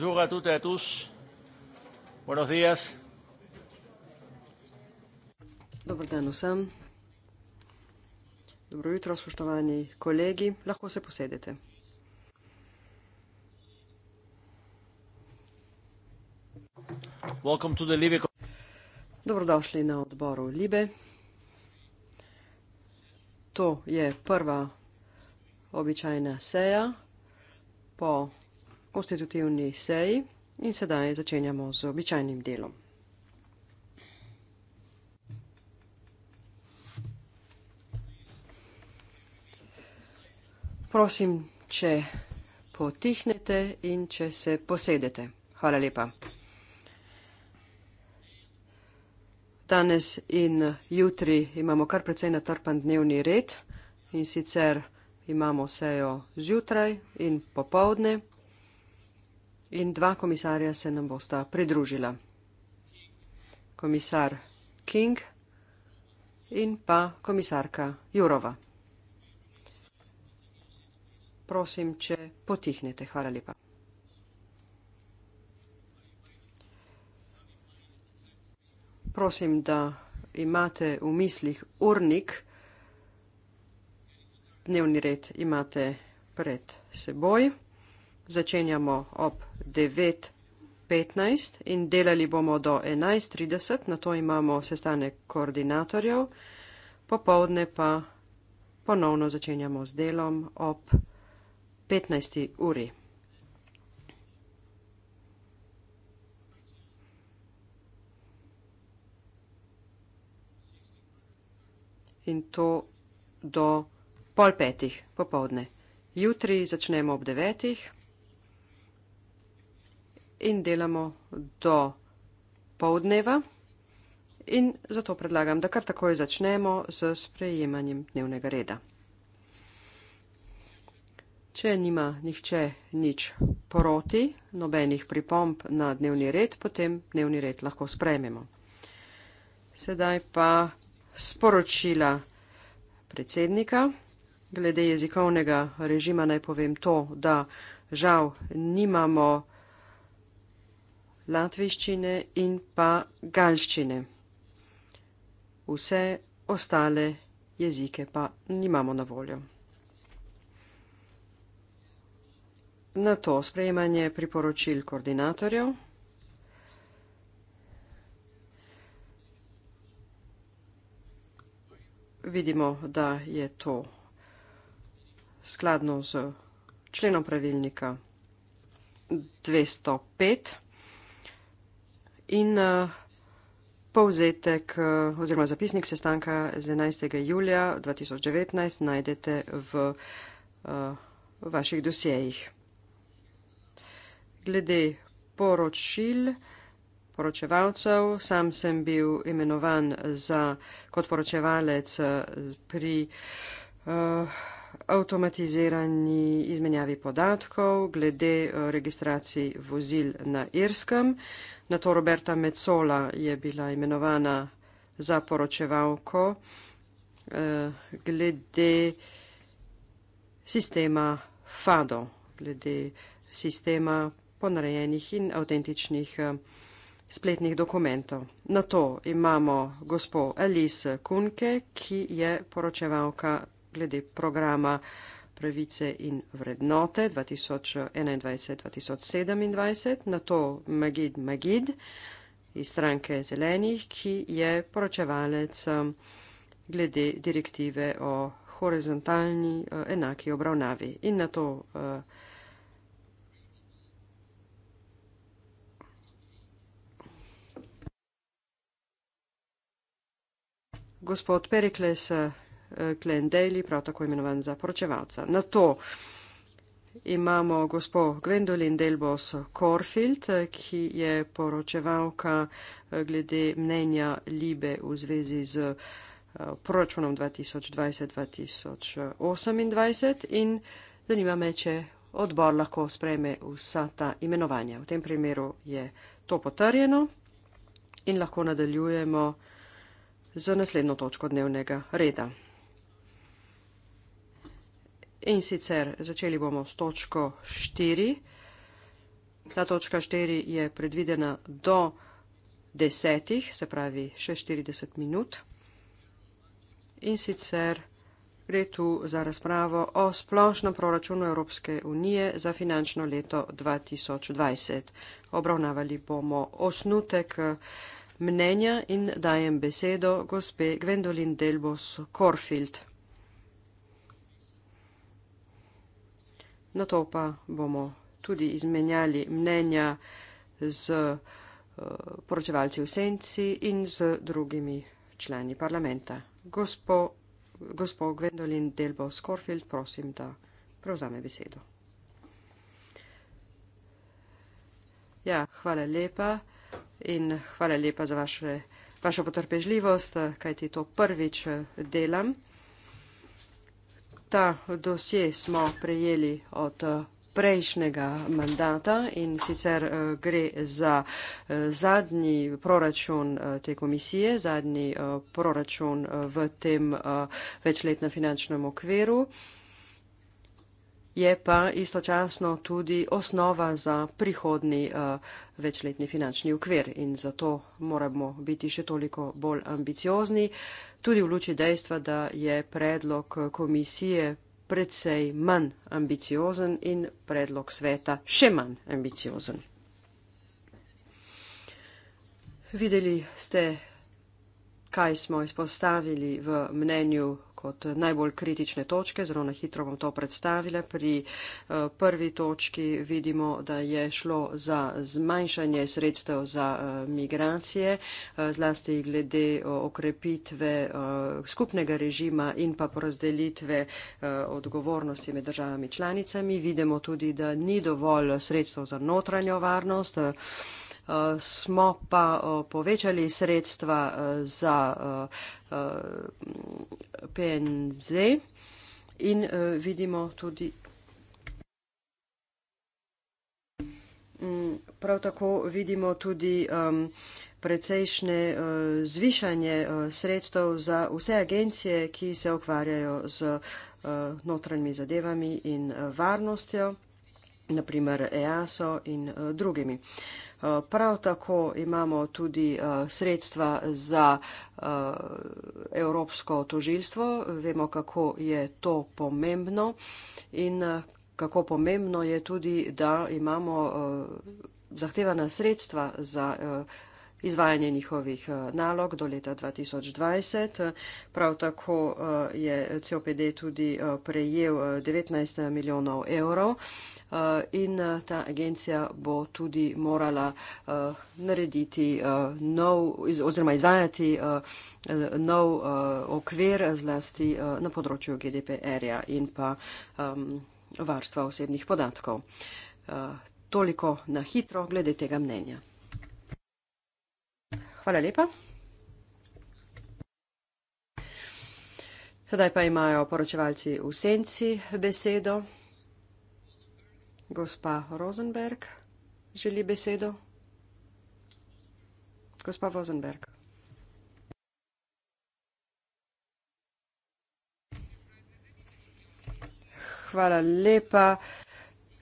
Bonjour à toutes et à tous. Buenos días. Dobar dan vsem. Dobro jutro, spoštovani kolegi. Lahko se posedete. Welcome to the Libe. Dobrodošli na odboru Libe. To je prva običajna seja po konstitutivni seji in sedaj začenjamo z običajnim delom. Prosim, če potihnete in če se posedete. Hvala lepa. Danes in jutri imamo kar precej natrpan dnevni red in sicer imamo sejo zjutraj in popovdne. In dva komisarja se nam bosta pridružila. Komisar King in pa komisarka Jurova. Prosim, če potihnete. Hvala lepa. Prosim, da imate v mislih urnik. Dnevni red imate pred seboj začenjamo ob 9.15 in delali bomo do 11.30, na to imamo sestanek koordinatorjev, popovdne pa ponovno začenjamo z delom ob 15. uri. In to do pol petih popovdne. Jutri začnemo ob devetih in delamo do povdneva. In zato predlagam, da kar takoj začnemo z sprejemanjem dnevnega reda. Če nima nihče nič proti, nobenih pripomb na dnevni red, potem dnevni red lahko sprejmemo. Sedaj pa sporočila predsednika. Glede jezikovnega režima naj povem to, da žal nimamo latviščine in pa galščine. Vse ostale jezike pa nimamo na voljo. Na to sprejemanje priporočil koordinatorjev. Vidimo, da je to skladno z členom pravilnika 205 in uh, povzetek uh, oziroma zapisnik sestanka z 11. julija 2019 najdete v uh, vaših dosjejih. Glede poročil poročevalcev, sam sem bil imenovan za, kot poročevalec pri uh, avtomatizirani izmenjavi podatkov glede eh, registracij vozil na Irskem. Na to Roberta Mecola je bila imenovana za poročevalko eh, glede sistema FADO, glede sistema ponarejenih in avtentičnih eh, spletnih dokumentov. Na to imamo gospo Alice Kunke, ki je poročevalka glede programa pravice in vrednote 2021-2027, na to Magid Magid iz stranke zelenih, ki je poročevalec um, glede direktive o horizontalni uh, enaki obravnavi. In na to uh, gospod Perikles uh, Glenn Daly, prav tako imenovan za poročevalca. Na to imamo gospo Gwendolyn Delbos Corfield, ki je poročevalka eh, glede mnenja Libe v zvezi z eh, proračunom 2020-2028 in zanima me, če odbor lahko spreme vsa ta imenovanja. V tem primeru je to potrjeno in lahko nadaljujemo z naslednjo točko dnevnega reda. In sicer začeli bomo s točko 4. Ta točka 4 je predvidena do 10, se pravi še 40 minut. In sicer gre tu za razpravo o splošnem proračunu Evropske unije za finančno leto 2020. Obravnavali bomo osnutek mnenja in dajem besedo gospe Gwendolin Delbos Korfield. na to pa bomo tudi izmenjali mnenja z eh, poročevalci v senci in z drugimi člani parlamenta. Gospo, gospo Gwendolin Delbo Skorfield, prosim, da prevzame besedo. Ja, hvala lepa in hvala lepa za vaše, vašo potrpežljivost, kajti to prvič eh, delam. Ta dosje smo prejeli od prejšnjega mandata in sicer eh, gre za eh, zadnji proračun eh, te komisije, zadnji proračun v tem večletnem finančnem okviru je pa istočasno tudi osnova za prihodni uh, večletni finančni ukvir in zato moramo biti še toliko bolj ambiciozni, tudi v luči dejstva, da je predlog komisije predvsej manj ambiciozen in predlog sveta še manj ambiciozen. Videli ste, kaj smo izpostavili v mnenju kot najbolj kritične točke. Zelo na hitro bom to predstavila. Pri eh, prvi točki vidimo, da je šlo za zmanjšanje sredstev za eh, migracije, eh, zlasti glede okrepitve skupnega režima in pa porazdelitve odgovornosti med državami članicami. Vidimo tudi, da ni dovolj sredstev za notranjo varnost. Eh, smo pa eh, povečali sredstva eh, za PNZ in vidimo tudi. Mm, prav tako vidimo tudi um, precejšnje uh, zvišanje uh, sredstev za vse agencije, ki se ukvarjajo z uh, notranjimi zadevami in uh, varnostjo, naprimer EASO in uh, drugimi. Uh, Eh, prav tako imamo tudi eh, sredstva za eh, Evropsko tožilstvo. Vemo, kako je to pomembno in kako pomembno je tudi, da imamo zahtevana sredstva za izvajanje njihovih nalog do leta 2020. Prav tako je COPD tudi prejel 19 milijonov evrov. Eh, in eh, ta agencija bo tudi morala eh, narediti nov oziroma izvajati nov okvir zlasti na področju GDPR-ja in pa varstva osebnih podatkov. Toliko na hitro glede tega mnenja. Hvala lepa. Sedaj pa imajo poročevalci v senci besedo. Gospa Rosenberg želi besedo. Gospa Rosenberg. Hvala lepa.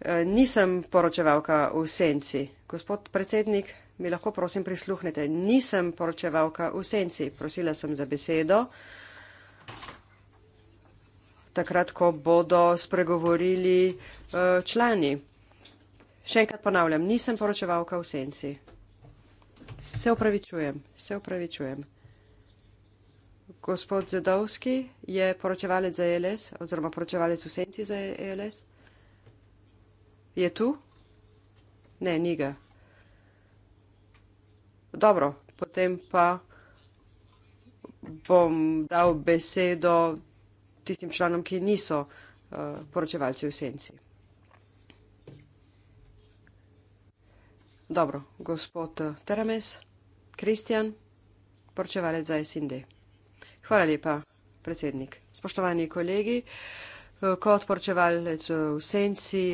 Eh, nisem poročevalka v senci. Gospod predsednik, mi lahko prosim prisluhnete. Nisem poročevalka v senci. Prosila sem za besedo takrat, ko bodo spregovorili eh, člani. Še enkrat ponavljam, nisem poročevalka v senci. Se upravičujem, se upravičujem. Gospod Zedovski je poročevalec za ELS oziroma poročevalec v senci za ELS. Je tu? Ne, ni ga. Dobro, potem pa bom dal besedo tistim članom, ki niso uh, poročevalci v senci. Dobro, gospod eh, Teremes, Kristjan, poročevalec za SND. Hvala lepa, predsednik. Spoštovani kolegi, eh, kot poročevalec v senci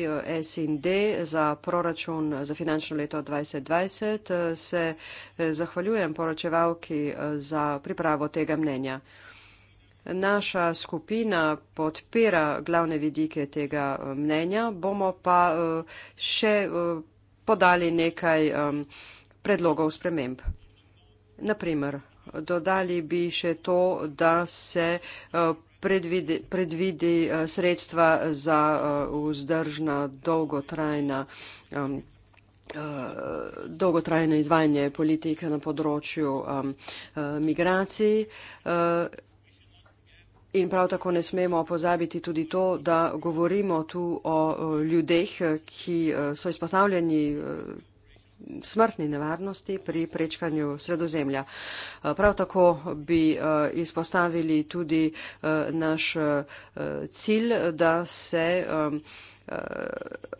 SND za proračun za finančno leto 2020 se zahvaljujem poročevalki za pripravo tega mnenja. Naša skupina podpira glavne vidike tega eh, mnenja, bomo pa eh, še eh, podali nekaj predlogov sprememb. Naprimer, dodali bi še to, da se predvidi, predvidi sredstva za vzdržna dolgotrajna dolgotrajno izvajanje politike na področju um, migracij. Uh, In prav tako ne smemo pozabiti tudi to, da govorimo tu o ljudeh, ki e, so izpostavljeni e, smrtni nevarnosti pri prečkanju sredozemlja. E, prav tako bi izpostavili tudi naš cilj, da se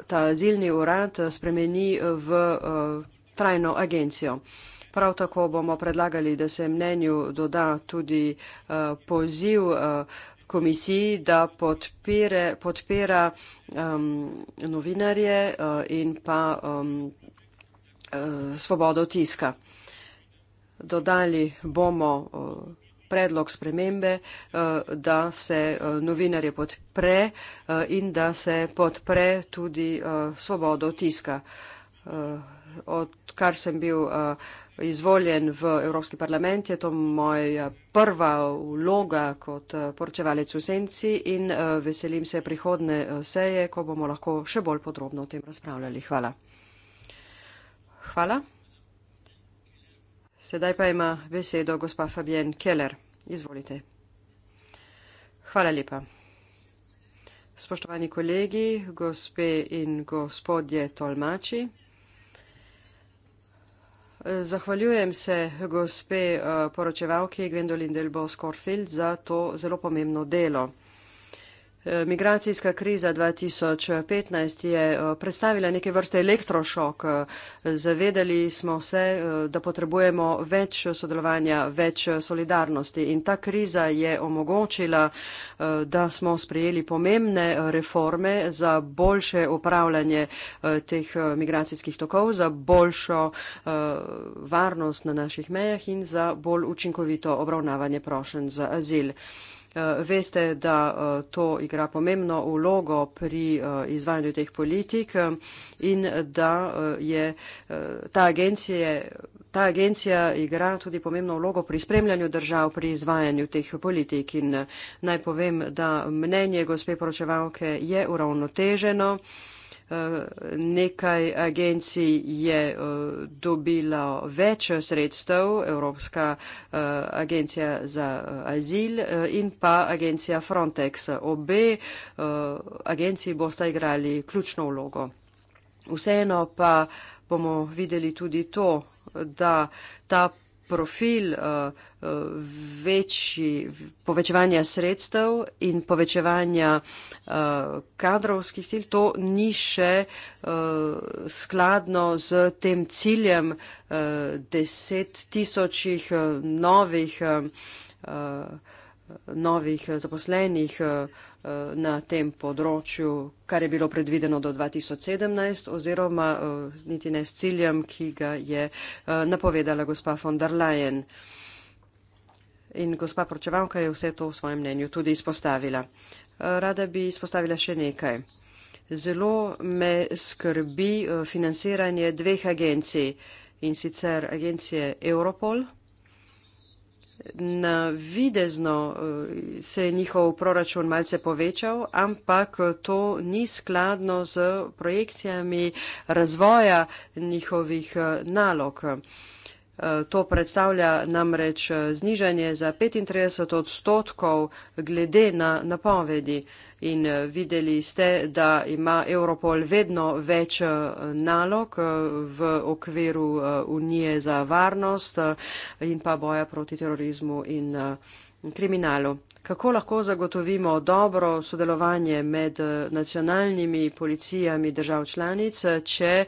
ta zilni urad spremeni v trajno agencijo. Prav tako bomo predlagali, da se mnenju doda tudi uh, poziv uh, komisiji, da podpire, podpira um, novinarje uh, in pa um, uh, svobodo tiska. Dodali bomo uh, predlog spremembe, uh, da se uh, novinarje podpre uh, in da se podpre tudi uh, svobodo tiska. Uh, od kar sem bil uh, izvoljen v Evropski parlament, je to moja prva vloga kot eh, poročevalec v senci in eh, veselim se prihodne eh, seje, ko bomo lahko še bolj podrobno o tem razpravljali. Hvala. Hvala. Sedaj pa ima besedo gospa Fabien Keller. Izvolite. Hvala lepa. Spoštovani kolegi, gospe in gospodje Tolmači. Zahvaljujem se gospe eh, poročevalki Gwendolyn Delbos-Corfield za to zelo pomembno delo. Eh, migracijska kriza 2015 je eh, predstavila neke vrste elektrošok. Eh, zavedali smo se, da potrebujemo več sodelovanja, več solidarnosti in ta kriza je omogočila, da smo sprejeli pomembne reforme za boljše upravljanje teh migracijskih tokov, za boljšo varnost na naših mejah in za bolj učinkovito obravnavanje prošen za azil. Eh, veste, da eh, to igra pomembno vlogo pri eh, izvajanju teh politik in da je ta agencija. Ta agencija igra tudi pomembno vlogo pri spremljanju držav, pri izvajanju teh politik. In naj povem, da mnenje gospe poročevalke je uravnoteženo nekaj agencij je eh, dobila več sredstev, Evropska eh, agencija za eh, azil in pa agencija Frontex. Obe agenciji bosta igrali ključno vlogo. Vseeno pa bomo videli tudi to, da ta profil uh, uh, večji, povečevanja sredstev in povečevanja uh, kadrovskih sil, to ni še uh, skladno z tem ciljem uh, deset tisočih uh, novih. Uh, uh, novih eh, zaposlenih eh, eh, na tem področju, kar je bilo predvideno do 2017 oziroma niti ne s ciljem, ki ga je napovedala gospa von der Leyen. In gospa Pročevalka je vse to v svojem mnenju tudi izpostavila. Rada bi izpostavila še nekaj. Zelo me skrbi financiranje dveh agencij in sicer agencije Europol Na videzno eh, se je njihov proračun malce povečal, ampak to ni skladno z projekcijami razvoja njihovih eh, nalog. Eh, to predstavlja namreč znižanje za 35 odstotkov glede na napovedi in eh, videli ste, da ima Europol vedno več eh, nalog eh, v okviru Unije za varnost in pa boja proti terorizmu in kriminalu. Kako lahko zagotovimo dobro sodelovanje med nacionalnimi policijami držav članic, če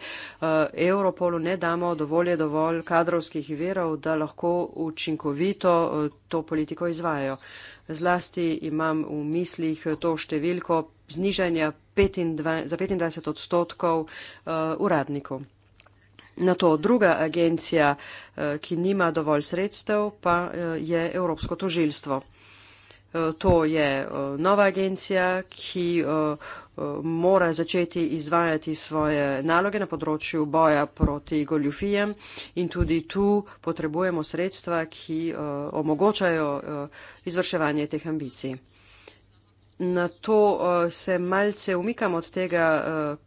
Europolu ne damo dovolj dovolj kadrovskih verov, da lahko učinkovito to politiko izvajajo? zlasti imam v mislih to številko znižanja 25, za 25 odstotkov eh, uradnikov. Na to druga agencija, eh, ki nima dovolj sredstev, pa eh, je Evropsko tožilstvo. Eh, to je eh, nova agencija, ki eh, mora začeti izvajati svoje naloge na področju boja proti goljufijem in tudi tu potrebujemo sredstva, ki omogočajo izvrševanje teh ambicij. Na to se malce umikam od tega,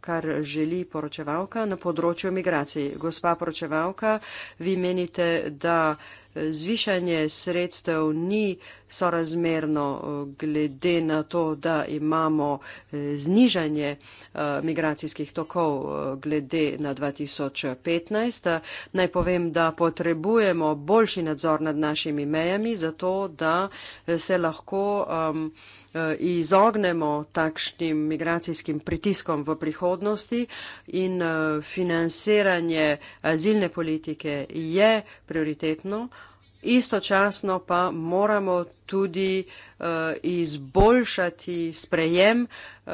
kar želi poročevalka na področju migracij. Gospa poročevalka, vi menite, da zvišanje sredstev ni uh, sorazmerno eh, glede na to, da imamo eh, znižanje eh, migracijskih tokov glede na 2015. Naj povem, da potrebujemo boljši nadzor nad našimi mejami, zato da se lahko izognemo takšnim migracijskim pritiskom v prihodnosti in financiranje azilne politike je prioritetno istočasno pa moramo tudi uh, izboljšati sprejem uh,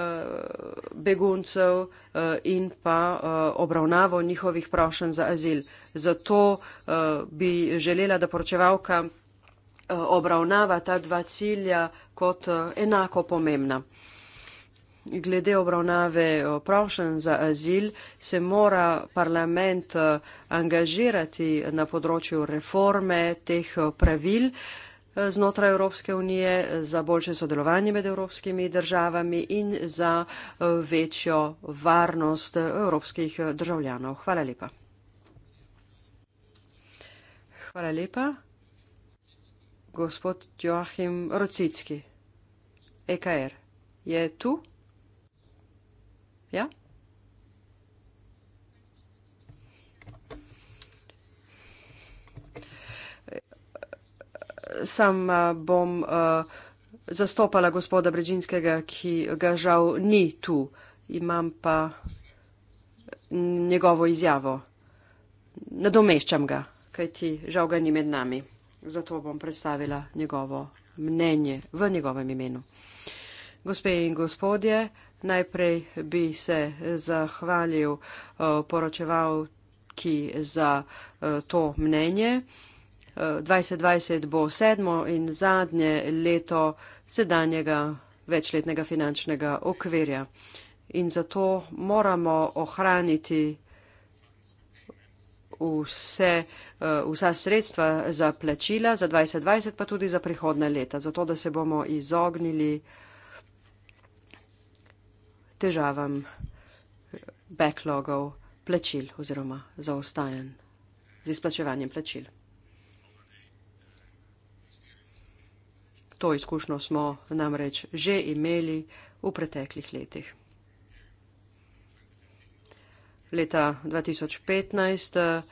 beguncev uh, in pa uh, obravnavo njihovih prošenj za azil. Zato uh, bi želela, da poročevalka uh, obravnava ta dva cilja kot uh, enako pomembna glede obravnave eh, prošen za azil se mora parlament eh, angažirati na področju reforme teh eh, pravil znotraj Evropske unije za boljše sodelovanje med evropskimi državami in za večjo varnost evropskih državljanov. Hvala lepa. Hvala lepa. Gospod Joachim Rocicki, EKR, je tu? Ja? Sam eh, bom uh, zastopala gospoda Brežinskega, ki ga žal ni tu, imam pa njegovo izjavo. Nadomeščam ga, kajti žal ga ni med nami. Zato bom predstavila njegovo mnenje v njegovem imenu. Gospe in gospodje, Najprej bi se zahvalil eh, poročevalki za eh, to mnenje. 2020 eh, bo sedmo in zadnje leto sedanjega večletnega finančnega okvirja. In zato moramo ohraniti vse, vsa sredstva za plačila za 2020, pa tudi za prihodne leta, zato da se bomo izognili uh, težavam, backlogov, plačil oziroma zaostajanj z izplačevanjem plačil. To izkušnjo smo namreč že imeli v preteklih letih. Leta 2015 eh,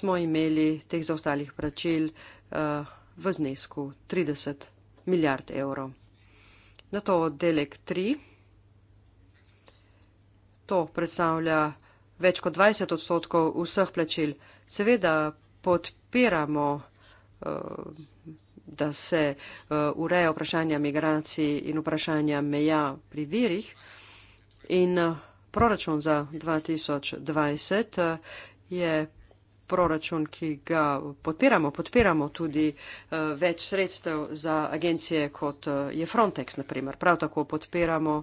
smo imeli teh zaostalih plačil eh, v znesku 30 milijard evrov. Na to oddelek 3. To predstavlja več kot 20 odstotkov vseh plačil. Seveda podpiramo, eh, da se eh, ureja vprašanja migracij in vprašanja meja pri virih. In eh, proračun za 2020 je proračun, ki ga podpiramo. Podpiramo tudi več sredstev za agencije, kot je Frontex, naprimer. Prav tako podpiramo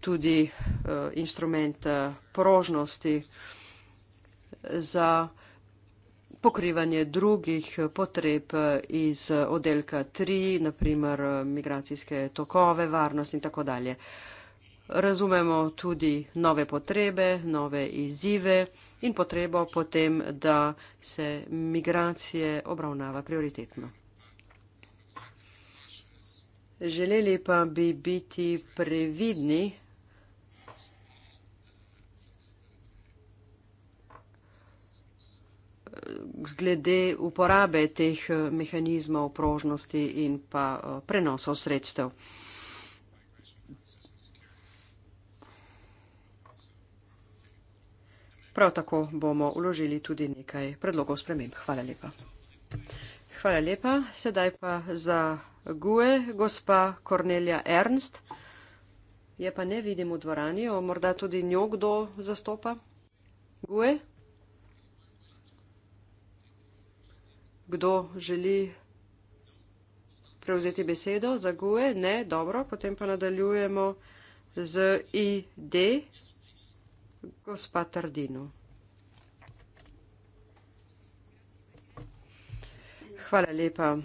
tudi uh, instrument uh, prožnosti za pokrivanje drugih eh, potreb iz oddelka 3, naprimer migracijske tokove, varnost in tako dalje. Razumemo tudi nove potrebe, nove izzive in potrebo potem, da se migracije obravnava prioritetno. Želeli pa bi biti previdni glede uporabe teh eh, mehanizmov prožnosti in pa eh, prenosov sredstev. Prav tako bomo uložili tudi nekaj predlogov sprememb. Hvala lepa. Hvala lepa. Sedaj pa za GUE, gospa Kornelija Ernst. Je pa ne vidim v dvorani, o morda tudi njo kdo zastopa. GUE? kdo želi prevzeti besedo za GUE? Ne, dobro, potem pa nadaljujemo z ID, gospa Tardino. Hvala lepa.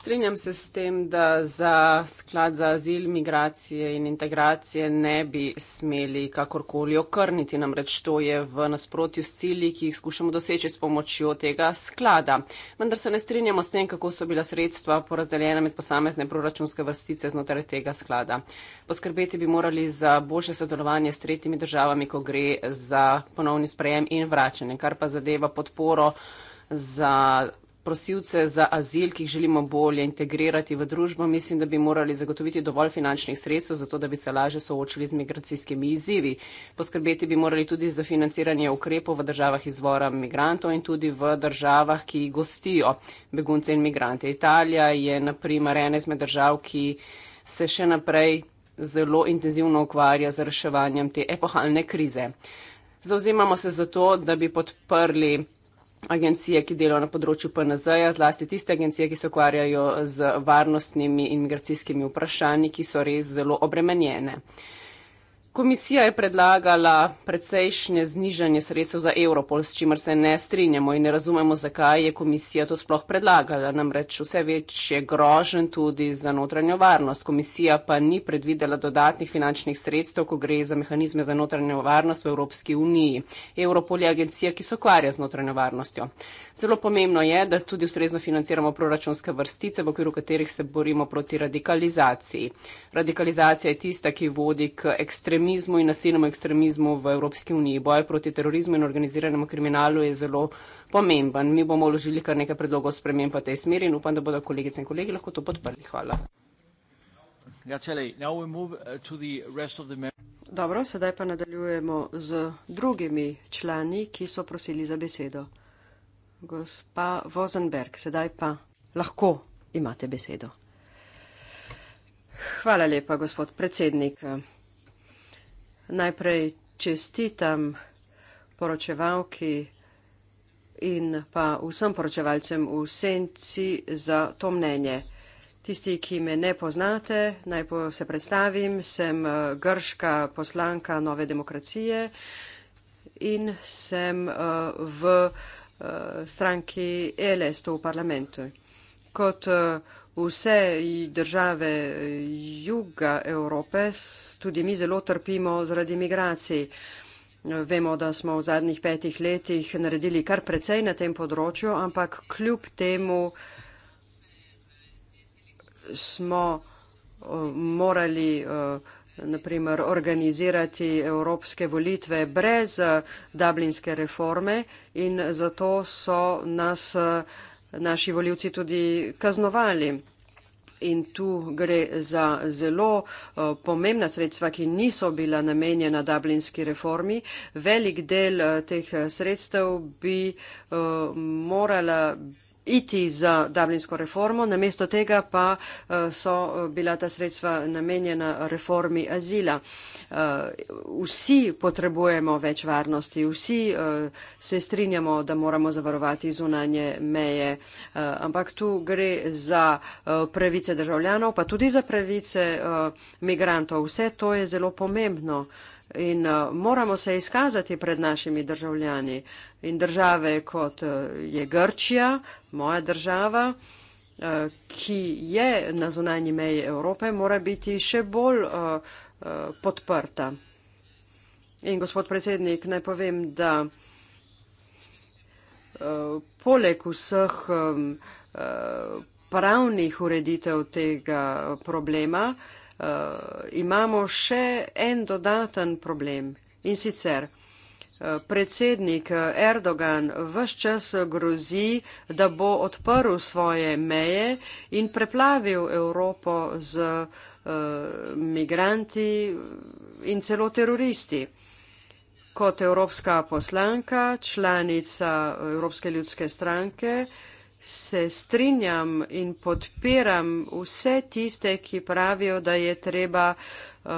Strinjam se s tem, da za sklad za azil, migracije in integracije ne bi smeli kakorkoli okrniti, namreč to je v nasprotju s cilji, ki jih skušamo doseči s pomočjo tega sklada. Vendar se ne strinjamo s tem, kako so bila sredstva porazdeljena med posamezne proračunske vrstice znotraj tega sklada. Poskrbeti bi morali za boljše sodelovanje s tretjimi državami, ko gre za ponovni sprejem in vračanje, kar pa zadeva podporo za prosilce za azil, ki jih želimo bolje integrirati v družbo, mislim, da bi morali zagotoviti dovolj finančnih sredstev, zato da bi se laže soočili z migracijskimi izzivi. Poskrbeti bi morali tudi za financiranje ukrepov v državah izvora migrantov in tudi v državah, ki gostijo begunce in migrante. Italija je naprimer ena izmed držav, ki se še naprej zelo intenzivno ukvarja z reševanjem te epohalne krize. Zauzemamo se za to, da bi podprli agencije, ki delajo na področju PNZ-ja, zlasti tiste agencije, ki se ukvarjajo z varnostnimi in migracijskimi vprašanji, ki so res zelo obremenjene. Komisija je predlagala precejšnje znižanje sredstev za Europol, s čimer se ne strinjamo in ne razumemo, zakaj je komisija to sploh predlagala. Namreč vse več je grožen tudi za notranjo varnost. Komisija pa ni predvidela dodatnih finančnih sredstev, ko gre za mehanizme za notranjo varnost v Evropski uniji. Europol je agencija, ki se okvarja z notranjo varnostjo. Zelo pomembno je, da tudi ustrezno financiramo proračunske vrstice, v okviru katerih se borimo proti radikalizaciji. Radikalizacija je tista, ki vodi k ekstremizmu ekstremizmu in nasilnemu ekstremizmu v Evropski uniji. Boj proti terorizmu in organiziranemu kriminalu je zelo pomemben. Mi bomo vložili kar nekaj predlogov sprememb v tej smeri in upam, da bodo kolegice in kolegi lahko to podprli. Hvala. Ja, eh, Dobro, sedaj pa nadaljujemo z drugimi člani, ki so prosili za besedo. Gospa Vozenberg, sedaj pa lahko imate besedo. Hvala lepa, gospod predsednik. Najprej čestitam poročevalki in pa vsem poročevalcem v senci za to mnenje. Tisti, ki me ne poznate, naj se predstavim, sem eh, grška poslanka Nove demokracije in sem eh, v eh, stranki ELS v parlamentu. Kot Vse države eh, juga Evrope, tudi mi zelo trpimo zaradi migracij. Vemo, da smo v zadnjih petih letih naredili kar precej na tem področju, ampak kljub temu smo eh, morali eh, naprimer organizirati evropske volitve brez dublinske reforme in zato so nas naši voljivci tudi kaznovali in tu gre za zelo eh, pomembna sredstva, ki niso bila namenjena dublinski reformi. Velik del eh, teh eh, sredstev bi morala biti iti za Dublinsko reformo, namesto tega pa eh, so eh, bila ta sredstva namenjena reformi azila. Eh, vsi potrebujemo več varnosti, vsi se strinjamo, da moramo zavarovati zunanje meje, ampak tu gre za pravice državljanov, pa tudi za pravice migrantov. Vse to je zelo pomembno in eh, moramo se izkazati pred našimi državljani in države, kot eh, je Grčija, moja država, eh, ki je na zunanji meji Evrope, mora biti še bolj podprta. In gospod predsednik, naj povem, da poleg vseh pravnih ureditev tega problema, Eh, imamo še en dodaten problem in sicer eh, predsednik Erdogan vse čas grozi, da bo odprl svoje meje in preplavil Evropo z uh, migranti in celo teroristi. Kot evropska poslanka, članica Evropske ljudske stranke, uh, se strinjam in podpiram vse tiste, ki pravijo, da je treba uh,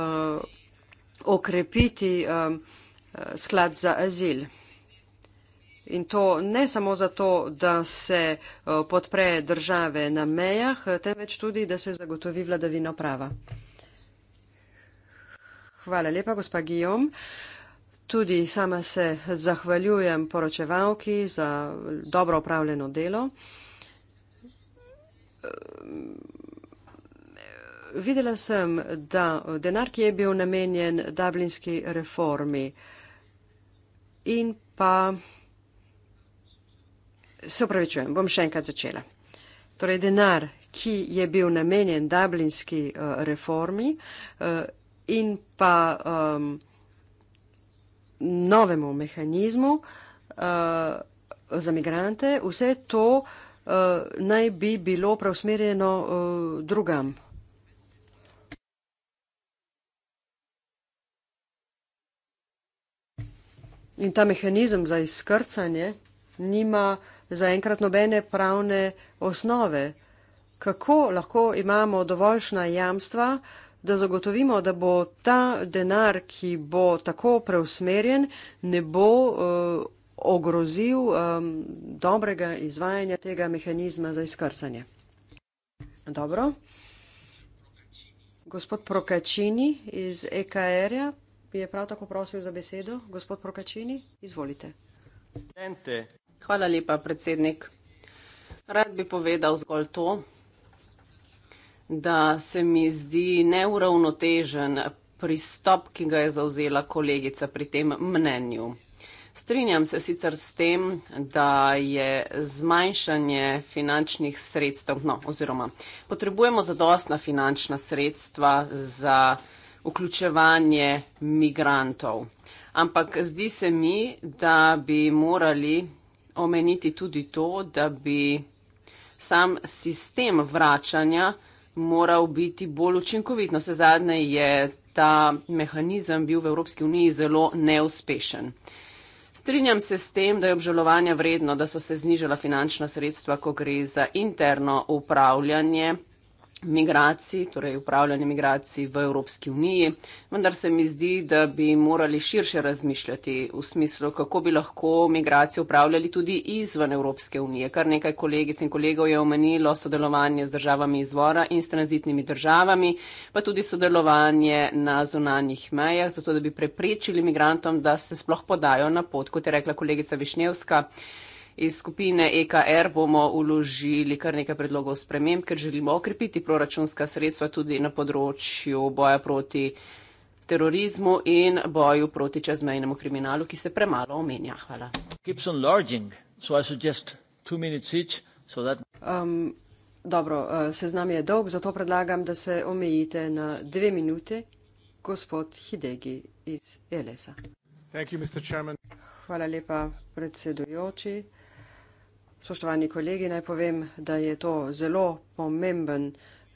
okrepiti uh, sklad za azil. In to ne samo zato, da se eh, podpre države na mejah, temveč tudi, da se zagotovi vladavino prava. Hvala lepa, gospa Guillaume. Tudi sama se zahvaljujem poročevalki za dobro upravljeno delo. Videla sem, da denar, ki je bil namenjen dublinski reformi in pa. Se upravičujem, bom še enkrat začela. Torej, denar, ki je bil namenjen dublinski uh, reformi uh, in pa. Um, novemu mehanizmu eh, za migrante, vse to eh, naj bi bilo preusmerjeno eh, drugam. In ta mehanizem za izkrcanje nima zaenkrat nobene pravne osnove. Kako lahko imamo dovoljšna jamstva, uh, da zagotovimo, da bo ta denar, ki bo tako preusmerjen, ne bo uh, ogrozil um, dobrega izvajanja tega mehanizma za izkrcanje. Dobro. Gospod Prokačini iz EKR-ja je prav tako prosil za besedo. Gospod Prokačini, izvolite. Hvala lepa, predsednik. Rad bi povedal zgolj to, da se mi zdi neuravnotežen pristop, ki ga je zauzela kolegica pri tem mnenju. Strinjam se sicer s tem, da je zmanjšanje finančnih sredstev, no, oziroma potrebujemo zadostna finančna sredstva za vključevanje migrantov. Ampak zdi se mi, da bi morali omeniti tudi to, da bi sam sistem vračanja moral biti bolj učinkovit. Na no, vse zadnje je ta mehanizem bil v Evropski uniji zelo neuspešen. Strinjam se s tem, da je obžalovanja vredno, da so se znižala finančna sredstva, ko gre za interno upravljanje migracij, torej upravljanje migracij v Evropski uniji, vendar se mi zdi, da bi morali širše razmišljati v smislu, kako bi lahko migracije upravljali tudi izven Evropske unije. Kar nekaj kolegic in kolegov je omenilo sodelovanje z državami izvora in s tranzitnimi državami, pa tudi sodelovanje na zunanjih mejah, zato da bi preprečili migrantom, da se sploh podajo na pot, kot je rekla kolegica Višnevska. Iz skupine EKR bomo uložili kar nekaj predlogov sprememb, ker želimo okrepiti proračunska sredstva tudi na področju boja proti terorizmu in boju proti čezmejnemu kriminalu, ki se premalo omenja. Hvala. Um, dobro, uh, seznam je dolg, zato predlagam, da se omejite na dve minute, gospod Hidegi iz ELS-a. Hvala lepa, predsedujoči. Spoštovani kolegi, naj povem, da je to zelo pomemben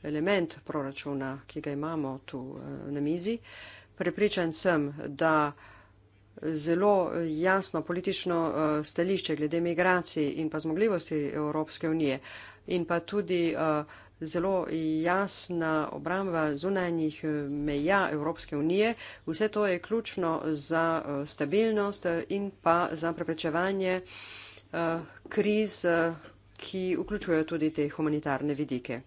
element proračuna, ki ga imamo tu eh, na mizi. Prepričan sem, da zelo jasno politično eh, stališče glede migracij in pa zmogljivosti Evropske unije in pa tudi eh, zelo jasna obramba zunanjih meja Evropske unije. Vse to je ključno za stabilnost in pa za preprečevanje Eh, kriz, eh, ki vključujejo tudi te humanitarne vidike,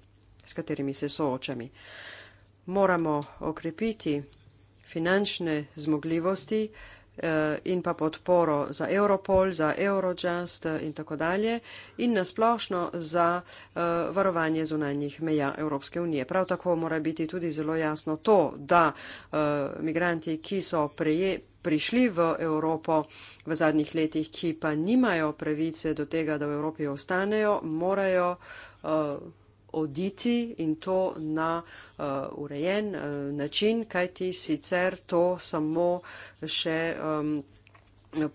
s katerimi se soočami. Moramo okrepiti finančne zmogljivosti eh, in pa podporo za Europol, za Eurojust in tako dalje in nasplošno za varovanje zunanjih meja Evropske unije. Prav tako mora biti tudi zelo jasno to, da migranti, ki so prejeli prišli v Evropo v zadnjih letih, ki pa nimajo pravice do tega, da v Evropi ostanejo, morajo uh, oditi in to na uh, urejen uh, način, kajti sicer to samo še um,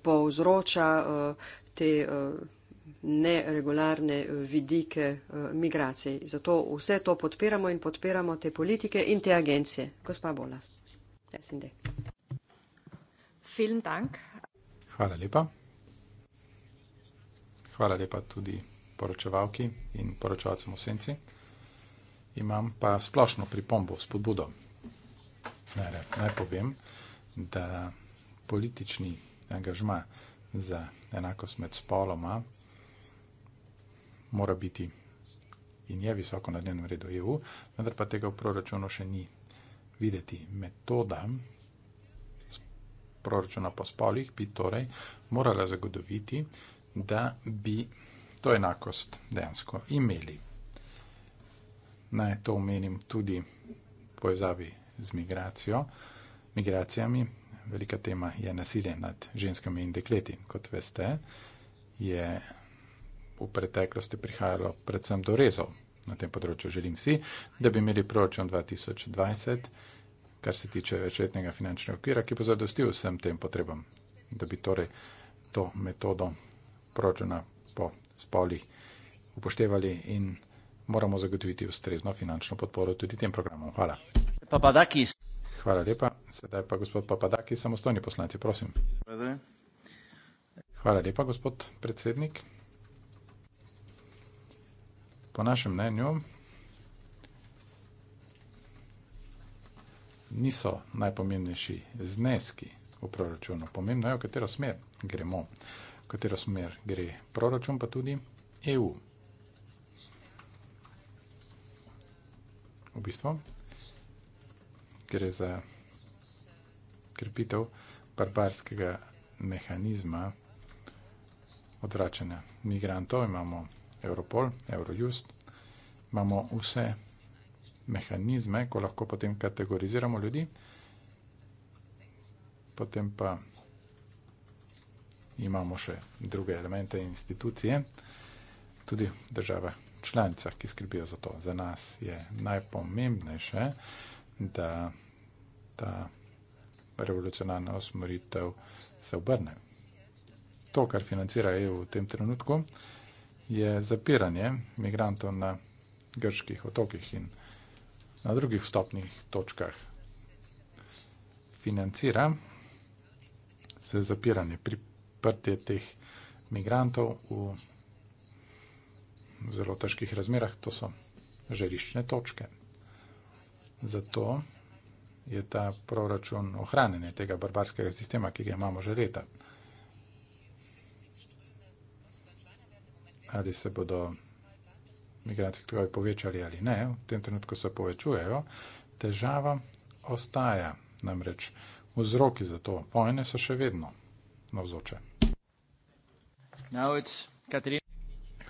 povzroča uh, te. Uh, neregularne vidike migracij. Zato vse to podpiramo in podpiramo te politike in te agencije. Gospa Bola, SND. Vielen Dank. Hvala lepa. Hvala lepa tudi poročevalki in poročevalcem v senci. Imam pa splošno pripombo, spodbudo. Naj povem, da politični angažma za enakost med spoloma mora biti in je visoko na dnevnem redu EU, vendar pa tega v proračunu še ni videti. Metoda, proračuna po spolih bi torej morala zagotoviti, da bi to enakost dejansko imeli. Naj to omenim tudi v povezavi z migracijo. Migracijami velika tema je nasilje nad ženskami in dekleti. Kot veste, je v preteklosti prihajalo predvsem do rezov na tem področju. Želim si, da bi imeli proračun 2020 kar se tiče večletnega finančnega okvira, ki bo zadostil vsem tem potrebam, da bi torej to metodo proračuna po spolih upoštevali in moramo zagotoviti ustrezno finančno podporo tudi tem programom. Hvala. Papadakis. Hvala lepa. Sedaj pa gospod Papadakis, samostojni poslanci, prosim. Hvala lepa, gospod predsednik. Po našem mnenju. niso najpomembnejši zneski v proračunu. Pomembno je, v katero smer gremo, v katero smer gre proračun, pa tudi EU. V bistvu gre za krepitev barbarskega mehanizma odvračanja migrantov. Imamo Europol, Eurojust, imamo vse mehanizme, ko lahko potem kategoriziramo ljudi, potem pa imamo še druge elemente in institucije, tudi države članica, ki skrbijo za to. Za nas je najpomembnejše, da ta revolucionarna osmoritev se obrne. To, kar financira EU v tem trenutku, je zapiranje migrantov na grških otokih in vsega na drugih vstopnih točkah. Financira se zapiranje, priprtje teh migrantov v zelo težkih razmerah, to so žarišne točke. Zato je ta proračun ohranjenje tega barbarskega sistema, ki ga imamo že leta. Ali se bodo vsega, migracijski tokovi povečali ali ne, v tem trenutku se povečujejo, težava ostaja. Namreč vzroki za to vojne so še vedno navzoče.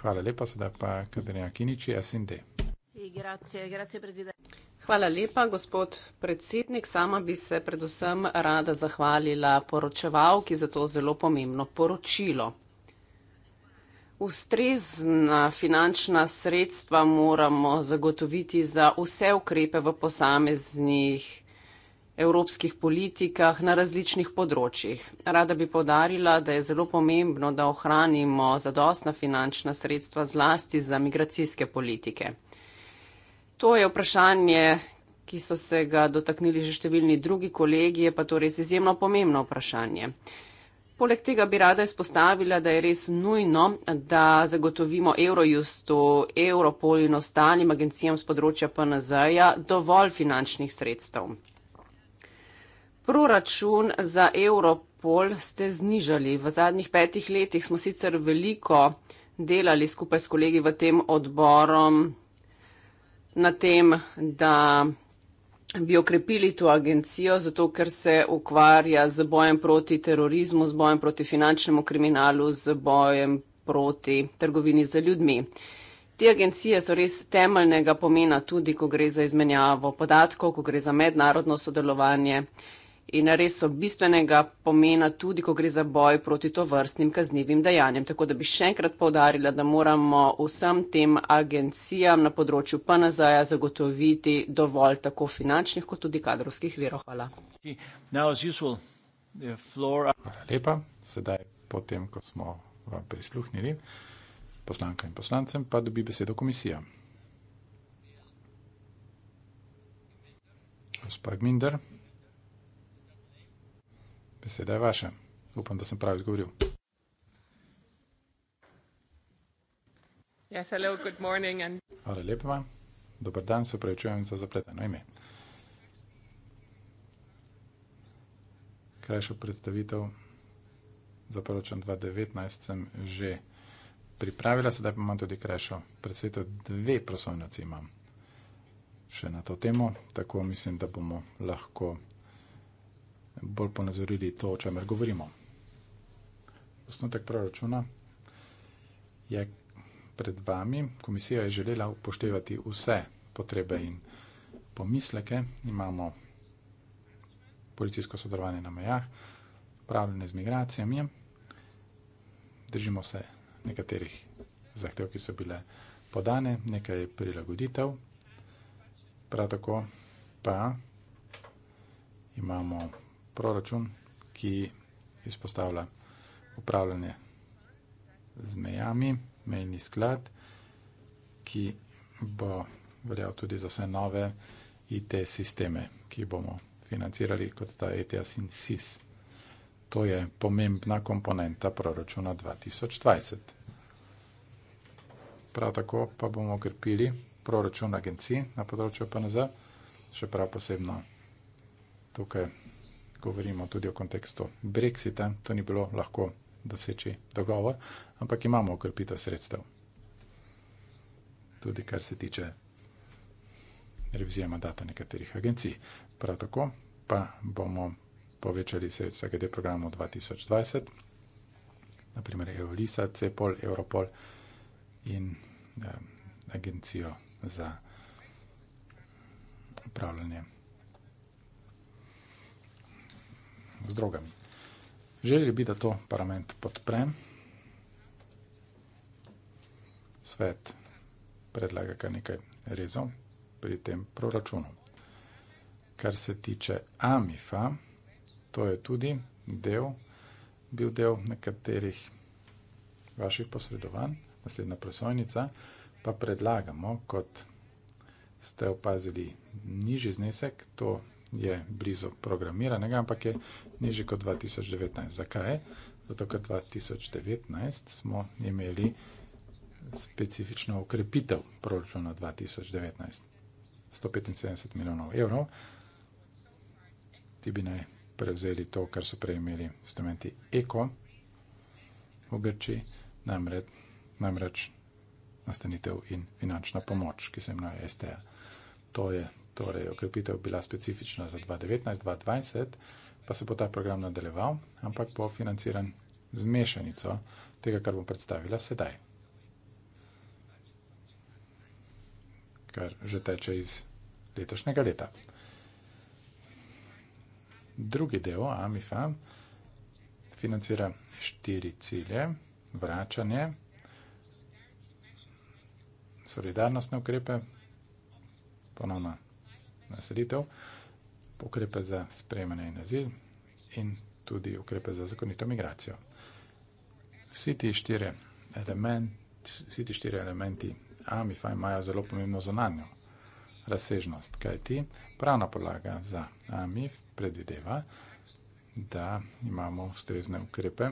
Hvala lepa, sedaj pa Katarina Kiniči, SND. Hvala lepa, gospod predsednik. Sama bi se predvsem rada zahvalila poročevalki za to zelo pomembno poročilo ustrezna finančna sredstva moramo zagotoviti za vse ukrepe v posameznih evropskih politikah na različnih področjih. Rada bi povdarila, da je zelo pomembno, da ohranimo zadostna finančna sredstva zlasti za migracijske politike. To je vprašanje, ki so se ga dotaknili že številni drugi kolegi, je pa torej izjemno pomembno vprašanje. Poleg tega bi rada izpostavila, da je res nujno, da zagotovimo Eurojustu, Europol in ostalim agencijam z področja PNZ-ja dovolj finančnih sredstev. Proračun za Europol ste znižali. V zadnjih petih letih smo sicer veliko delali skupaj s kolegi v tem odborom na tem, da bi okrepili to agencijo, zato ker se ukvarja z bojem proti terorizmu, z bojem proti finančnemu kriminalu, z bojem proti trgovini za ljudmi. Te agencije so res temeljnega pomena tudi, ko gre za izmenjavo podatkov, ko gre za mednarodno sodelovanje in res so bistvenega pomena tudi, ko gre za boj proti to vrstnim kaznivim dejanjem. Tako da bi še enkrat povdarila, da moramo vsem tem agencijam na področju PNZ-ja zagotoviti dovolj tako finančnih kot tudi kadrovskih virov. Hvala. Hvala lepa. Sedaj, potem, ko smo vam prisluhnili, poslanka in poslancem, pa dobi besedo komisija. Gospod Minder. Beseda je vaša. Upam, da sem prav izgovoril. Yes, and... Hvala lepa vam. Dobar dan, se prevečujem za zapleteno ime. Krajšo predstavitev za poročan 2019 sem že pripravila, sedaj pa imam tudi krajšo predstavitev. Dve prosovnici imam še na to temo, tako mislim, da bomo lahko bolj ponazorili to, o čemer govorimo. Osnotek proračuna je pred vami. Komisija je želela upoštevati vse potrebe in pomisleke. Imamo policijsko sodelovanje na mejah, upravljanje z migracijami, držimo se nekaterih zahtev, ki so bile podane, nekaj prilagoditev, prav tako pa imamo prilagoditev, proračun, ki izpostavlja upravljanje z mejami, mejni sklad, ki bo veljal tudi za vse nove IT sisteme, ki bomo financirali kot sta ETS in SIS. To je pomembna komponenta proračuna 2020. Prav tako pa bomo okrepili proračun agencij na področju PNZ, še prav posebno tukaj govorimo tudi o kontekstu Brexita, to ni bilo lahko doseči dogovor, ampak imamo okrepitev sredstev. Tudi kar se tiče revizije mandata nekaterih agencij. Prav tako pa bomo povečali sredstva GD programu 2020, naprimer EOLISA, CEPOL, Europol in eh, agencijo za upravljanje z drogami. Želeli bi, da to parlament podpre. Svet predlaga kar nekaj rezov pri tem proračunu. Kar se tiče AMIFA, to je tudi del, bil del nekaterih vaših posredovanj, naslednja presojnica, pa predlagamo, kot ste opazili, nižji znesek, to je blizu programiranega, ampak je nižji kot 2019. Zakaj? Zato, ker 2019 smo imeli specifično ukrepitev proračuna 2019. 175 milijonov evrov, ti bi naj prevzeli to, kar so prej imeli instrumenti ECO v Grči, namreč, namreč nastanitev in finančna pomoč, ki se jim na STA. To je torej okrepitev bila specifična za 2019-2020, pa se bo ta program nadaljeval, ampak bo financiran z mešanico tega, kar bom predstavila sedaj. Kar že teče iz letošnjega leta. Drugi del, AMIFA, financira štiri cilje. Vračanje, solidarnostne ukrepe, ponovno naselitev, ukrepe za sprejemanje in azil in tudi ukrepe za zakonito migracijo. Vsi ti štiri element, štir elementi AMIFA imajo zelo pomembno zonanjo razsežnost, kajti pravna podlaga za AMIF predvideva, da imamo ustrezne ukrepe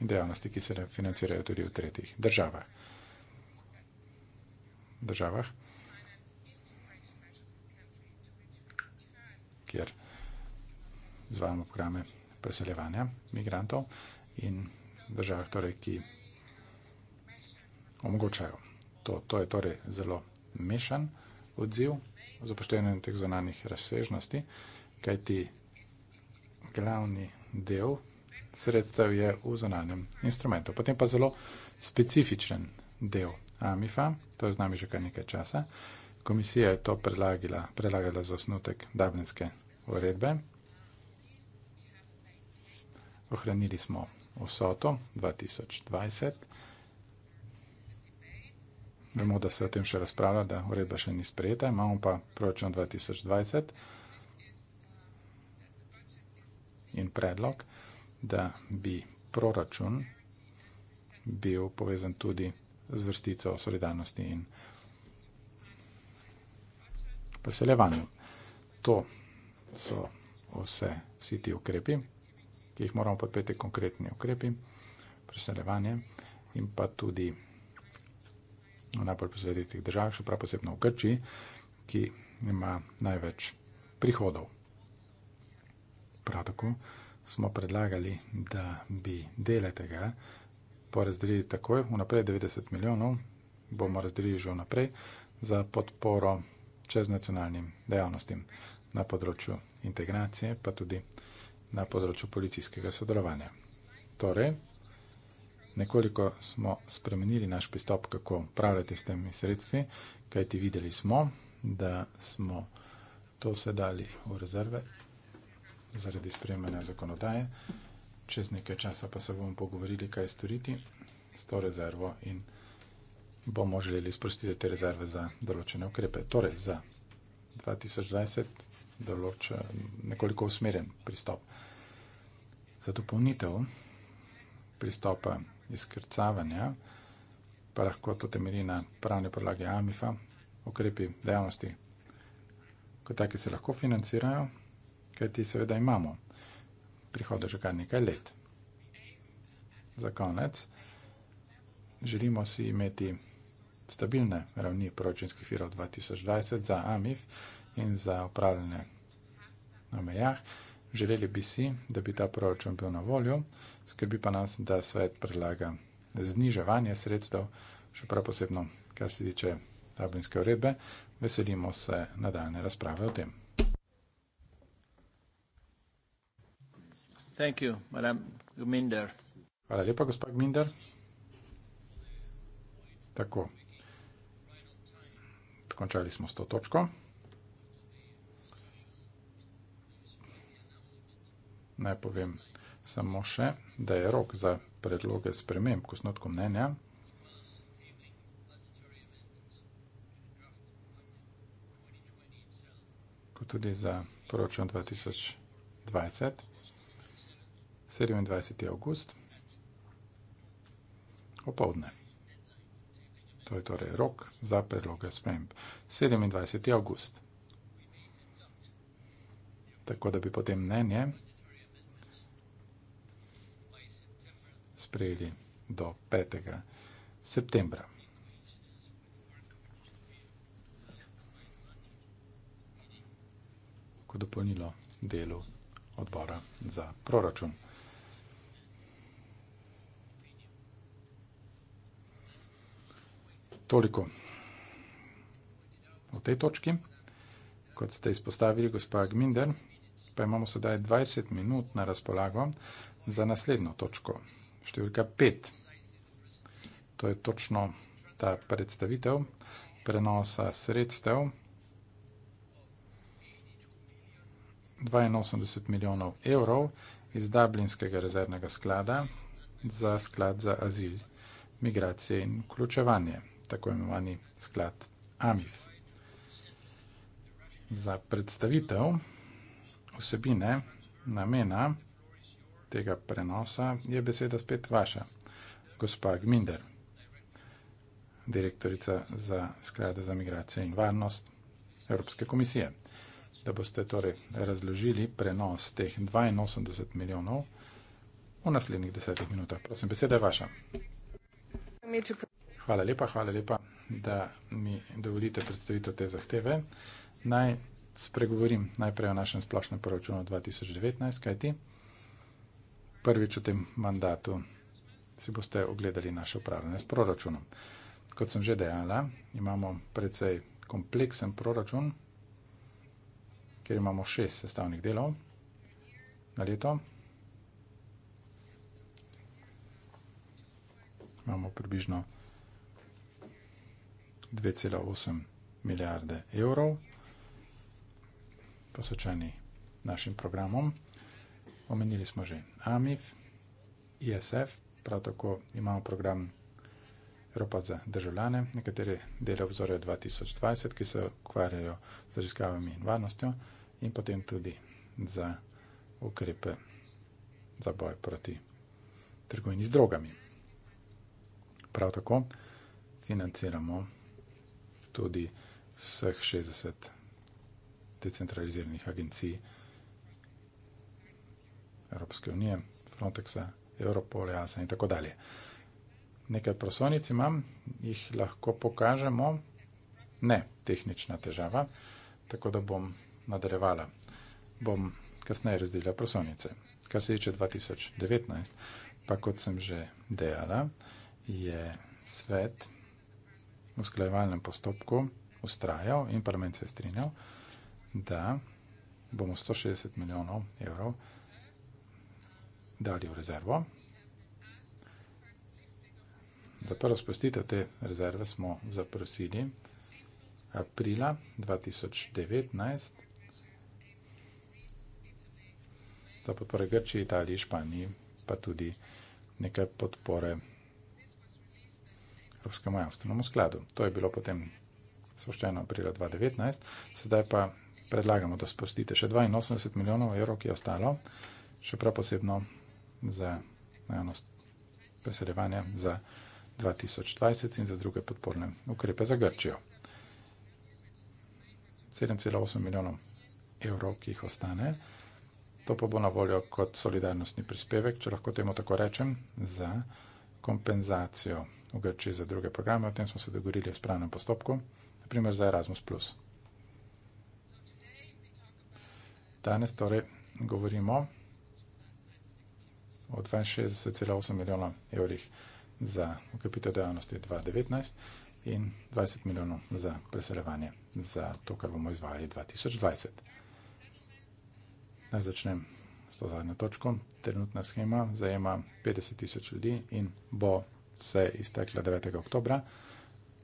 in dejavnosti, ki se financirajo tudi v tretjih državah. državah. kjer izvajamo programe preseljevanja migrantov in državah, torej, ki omogočajo. To, to je torej zelo mešan odziv z upoštevanjem teh zonanih razsežnosti, kajti glavni del sredstev je v zonanem instrumentu. Potem pa zelo specifičen del AMIFA, to je z nami že kar nekaj časa. Komisija je to predlagala, predlagala za osnutek Dublinske uredbe. Ohranili smo osoto 2020. Vemo, da se o tem še razpravlja, da uredba še ni sprejeta. Imamo pa proračun 2020 in predlog, da bi proračun bil povezan tudi z vrstico solidarnosti in preseljevanju. To so vse, vsi ti ukrepi, ki jih moramo podpeti, konkretni ukrepi, preseljevanje in pa tudi v najbolj posvetitih državah, še prav posebno v Grčiji, ki ima največ prihodov. Prav tako smo predlagali, da bi dele tega porazdelili takoj, vnaprej 90 milijonov, bomo razdelili že vnaprej za podporo čeznacionalnim dejavnostim na področju integracije, pa tudi na področju policijskega sodelovanja. Torej, nekoliko smo spremenili naš pristop, kako upravljati s temi sredstvi, kajti videli smo, da smo to vse dali v rezerve zaradi sprejemanja zakonodaje. Čez nekaj časa pa se bomo pogovorili, kaj storiti s to rezervo in bomo želeli sprostiti te rezerve za določene ukrepe. Torej, za 2020 določa nekoliko usmerjen pristop. Za dopolnitev pristopa izkrcavanja pa lahko to temelji na pravni podlagi AMIF-a, ukrepi dejavnosti, kot taki se lahko financirajo, kajti seveda imamo prihode že kar nekaj let. Za konec želimo si imeti stabilne ravni proračunskih virov 2020 za AMIF in za upravljanje na mejah. Želeli bi si, da bi ta proračun bil na voljo, skrbi pa nas, da svet predlaga zniževanje sredstev, še prav posebno, kar se tiče tablinske uredbe. Veselimo se nadaljne razprave o tem. You, Hvala lepa, gospod Gminder. Tako. Končali smo s to točko. naj povem samo še, da je rok za predloge sprememb k osnotku mnenja kot tudi za poročen 2020, 27. august, opovdne. To je torej rok za predloge sprememb. 27. august. Tako da bi potem mnenje, sprejeli do 5. septembra. Ko dopolnilo delu odbora za proračun. Toliko o tej točki, kot ste izpostavili, gospa Gminder, pa imamo sedaj 20 minut na razpolago za naslednjo točko številka 5. To je točno ta predstavitev prenosa sredstev 82 milijonov evrov iz Dublinskega rezervnega sklada za sklad za azil, migracije in vključevanje, tako imenovani sklad AMIF. Za predstavitev vsebine namena tega prenosa, je beseda spet vaša, gospa Gminder, direktorica za sklade za migracijo in varnost Evropske komisije. Da boste torej razložili prenos teh 82 milijonov v naslednjih desetih minutah. Prosim, beseda je vaša. Hvala lepa, hvala lepa, da mi dovolite predstavitev te zahteve. Naj spregovorim najprej o našem splošnem poročunu 2019, kajti prvič v tem mandatu si boste ogledali naše upravljanje s proračunom. Kot sem že dejala, imamo precej kompleksen proračun, kjer imamo šest sestavnih delov na leto. Imamo približno 2,8 milijarde evrov posvečeni našim programom omenili smo že AMIF, ISF, prav tako imamo program Evropa za državljane, nekatere dele obzorja 2020, ki se ukvarjajo z raziskavami in varnostjo in potem tudi za ukrepe za boj proti trgovini z drogami. Prav tako financiramo tudi vseh 60 decentraliziranih agencij, Evropske unije, Frontexa, Europola in tako dalje. Nekaj prosonic imam, jih lahko pokažemo. Ne, tehnična težava, tako da bom nadaljevala. Bom kasneje razdelila prosonice. Kar se tiče 2019, pa kot sem že dejala, je svet v sklajevalnem postopku ustrajal in parlament se je strinjal, da bomo 160 milijonov evrov dali v rezervo. Za prvo spustitev te rezerve smo zaprosili aprila 2019, za podpore Grči, Italiji, Španiji, pa tudi nekaj podpore Evropskemu javstvenemu skladu. To je bilo potem spoščeno aprila 2019, sedaj pa predlagamo, da spustite še 82 milijonov evrov, ki je ostalo, še prav posebno za eno preseljevanje za 2020 in za druge podporne ukrepe za Grčijo. 7,8 milijonov evrov, ki jih ostane. To pa bo na voljo kot solidarnostni prispevek, če lahko temu tako rečem, za kompenzacijo v Grčiji za druge programe. O tem smo se dogovorili v spravnem postopku, naprimer za Erasmus. Danes torej govorimo o 62,8 milijona evrih za ukrepitev dejavnosti 2019 in 20 milijonov za preseljevanje za to, kar bomo izvajali 2020. Naj začnem s to zadnjo točko. Trenutna schema zajema 50 tisoč ljudi in bo se iztekla 9. oktobra.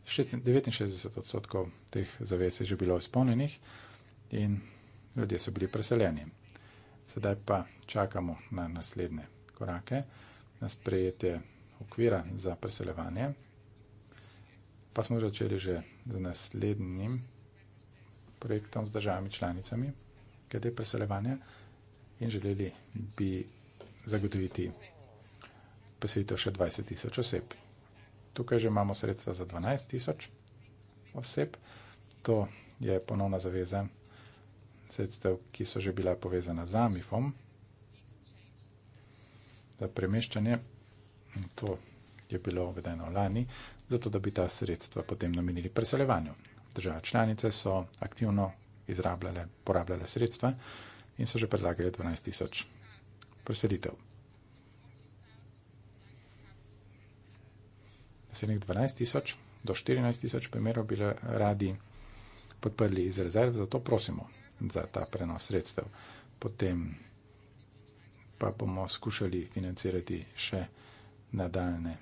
69 odstotkov teh zavez je že bilo izpolnjenih in ljudje so bili preseljeni. Sedaj pa čakamo na naslednje korake na sprejetje okvira za preseljevanje. Pa smo začeli že z naslednjim projektom z državami članicami glede preseljevanja in želeli bi zagotoviti posvetitev še 20 tisoč oseb. Tukaj že imamo sredstva za 12 tisoč oseb. To je ponovna zaveza sredstev, ki so že bila povezana z AMIFOM, za premeščanje. To je bilo uvedeno lani, zato da bi ta sredstva potem namenili preseljevanju. Države članice so aktivno izrabljale, porabljale sredstva in so že predlagali 12 tisoč preselitev. Naslednjih 12 tisoč do 14 tisoč primerov bi radi podprli iz rezerv, zato prosimo za ta prenos sredstev. Potem pa bomo skušali financirati še nadaljne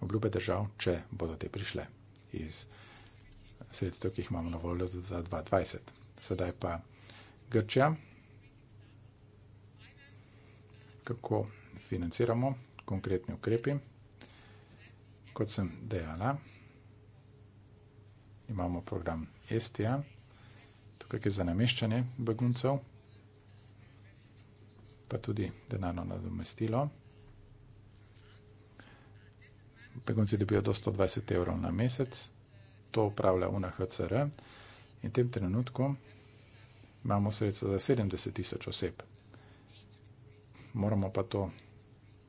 obljube držav, če bodo te prišle iz sredstev, ki jih imamo na voljo za 2020. Sedaj pa Grčija. Kako financiramo konkretni ukrepi? Kot sem dejala, imamo program STA, tukaj je za nameščanje beguncev pa tudi denarno nadomestilo. Begunci dobijo do 120 evrov na mesec, to upravlja UNHCR in v tem trenutku imamo sredstvo za 70 tisoč oseb. Moramo pa to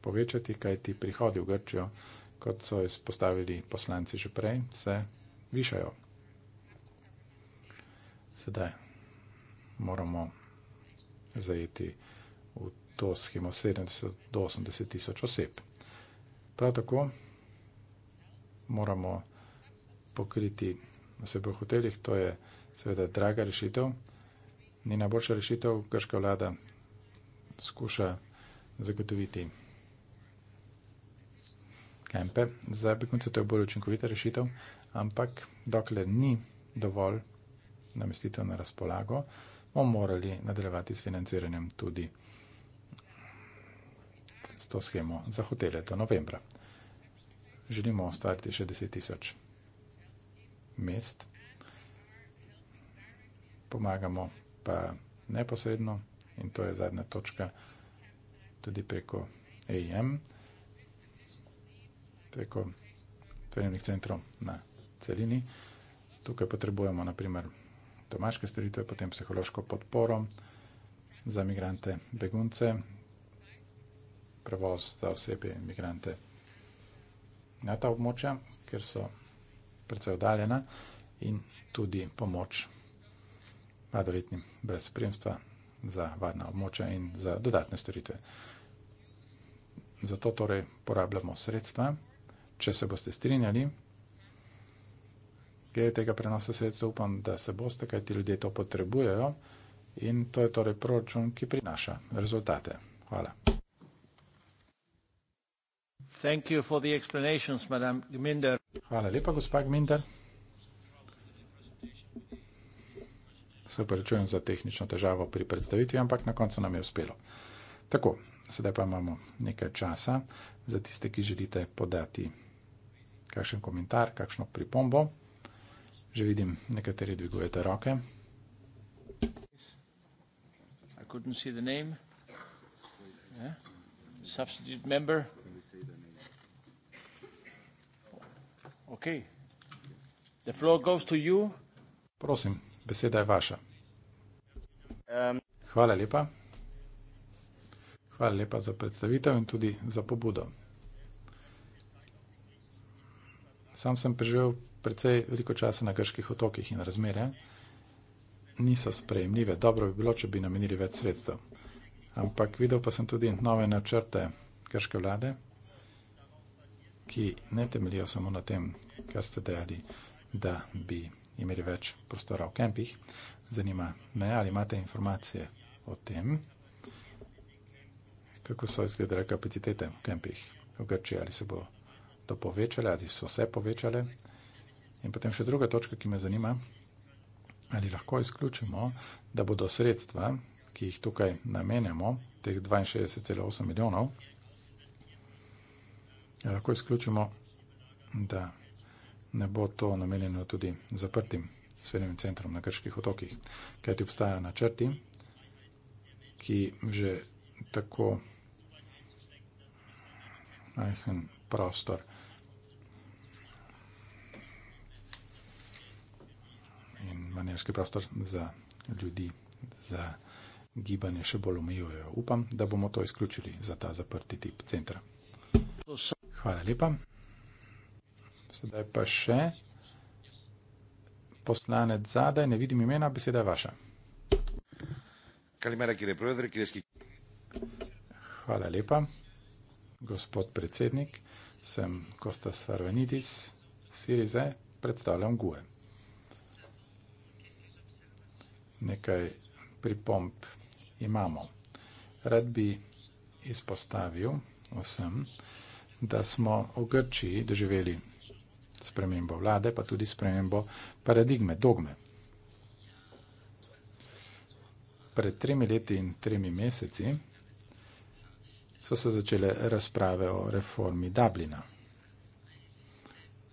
povečati, kaj ti prihodi v Grčijo, kot so izpostavili poslanci že prej, se višajo. Sedaj moramo zajeti vsega to schemo 70 do 80 tisoč oseb. Prav tako moramo pokriti osebe v hotelih, to je seveda draga rešitev, ni najboljša rešitev, grška vlada skuša zagotoviti kempe. Za begunce to je bolj učinkovita rešitev, ampak dokler ni dovolj namestitev na razpolago, bomo morali nadaljevati s financiranjem tudi vsega s to schemo za hotele do novembra. Želimo ustvariti še 10 tisoč mest, pomagamo pa neposredno in to je zadnja točka tudi preko AM, preko prejemnih centrov na celini. Tukaj potrebujemo naprimer domaške storitve, potem psihološko podporo za migrante, begunce, prevoz za osebe in imigrante na ta območja, ker so predvsej oddaljena in tudi pomoč mladoletnim brez spremstva za varna območja in za dodatne storitve. Zato torej porabljamo sredstva, če se boste strinjali, glede tega prenosa sredstva upam, da se boste, kaj ti ljudje to potrebujejo in to je torej proračun, ki prinaša rezultate. Hvala. Hvala lepa, gospa Gminder. Se prečujem za tehnično težavo pri predstavitvi, ampak na koncu nam je uspelo. Tako, sedaj pa imamo nekaj časa za tiste, ki želite podati kakšen komentar, kakšno pripombo. Že vidim, nekateri dvigujete roke. Substitute member. Can we say the name? Okay. The floor goes to you. Prosim, beseda je vaša. Um. Hvala lepa. Hvala lepa za predstavitev in tudi za pobudo. Sam sem preživel precej veliko časa na grških otokih in razmere niso sprejemljive. Dobro bi bilo, če bi namenili več sredstev. Ampak videl pa sem tudi nove načrte grške vlade ki ne temeljijo samo na tem, kar ste dejali, da bi imeli več prostora v kempih. Zanima me, ali imate informacije o tem, kako so izgledale kapacitete v kempih v Grčiji, ali se bo to povečale, ali so se povečale. In potem še druga točka, ki me zanima, ali lahko izključimo, da bodo sredstva, ki jih tukaj namenjamo, teh 62,8 milijonov, Ja, lahko izključimo, da ne bo to namenjeno tudi zaprtim svetovnim centrom na Krških otokih, kajti obstajajo načrti, ki že tako majhen prostor in manjerski prostor za ljudi, za gibanje še bolj omejujejo. Upam, da bomo to izključili za ta zaprti tip centra. Hvala lepa. Sedaj pa še poslanec zadaj, ne vidim imena, beseda je vaša. Hvala lepa, gospod predsednik. Sem Kostas Arvenidis, Sirize, predstavljam GUE. Nekaj pripomp imamo. Rad bi izpostavil vsem, da da smo v Grčiji doživeli spremembo vlade, pa tudi spremembo paradigme, dogme. Pred tremi leti in tremi meseci so se začele razprave o reformi Dublina,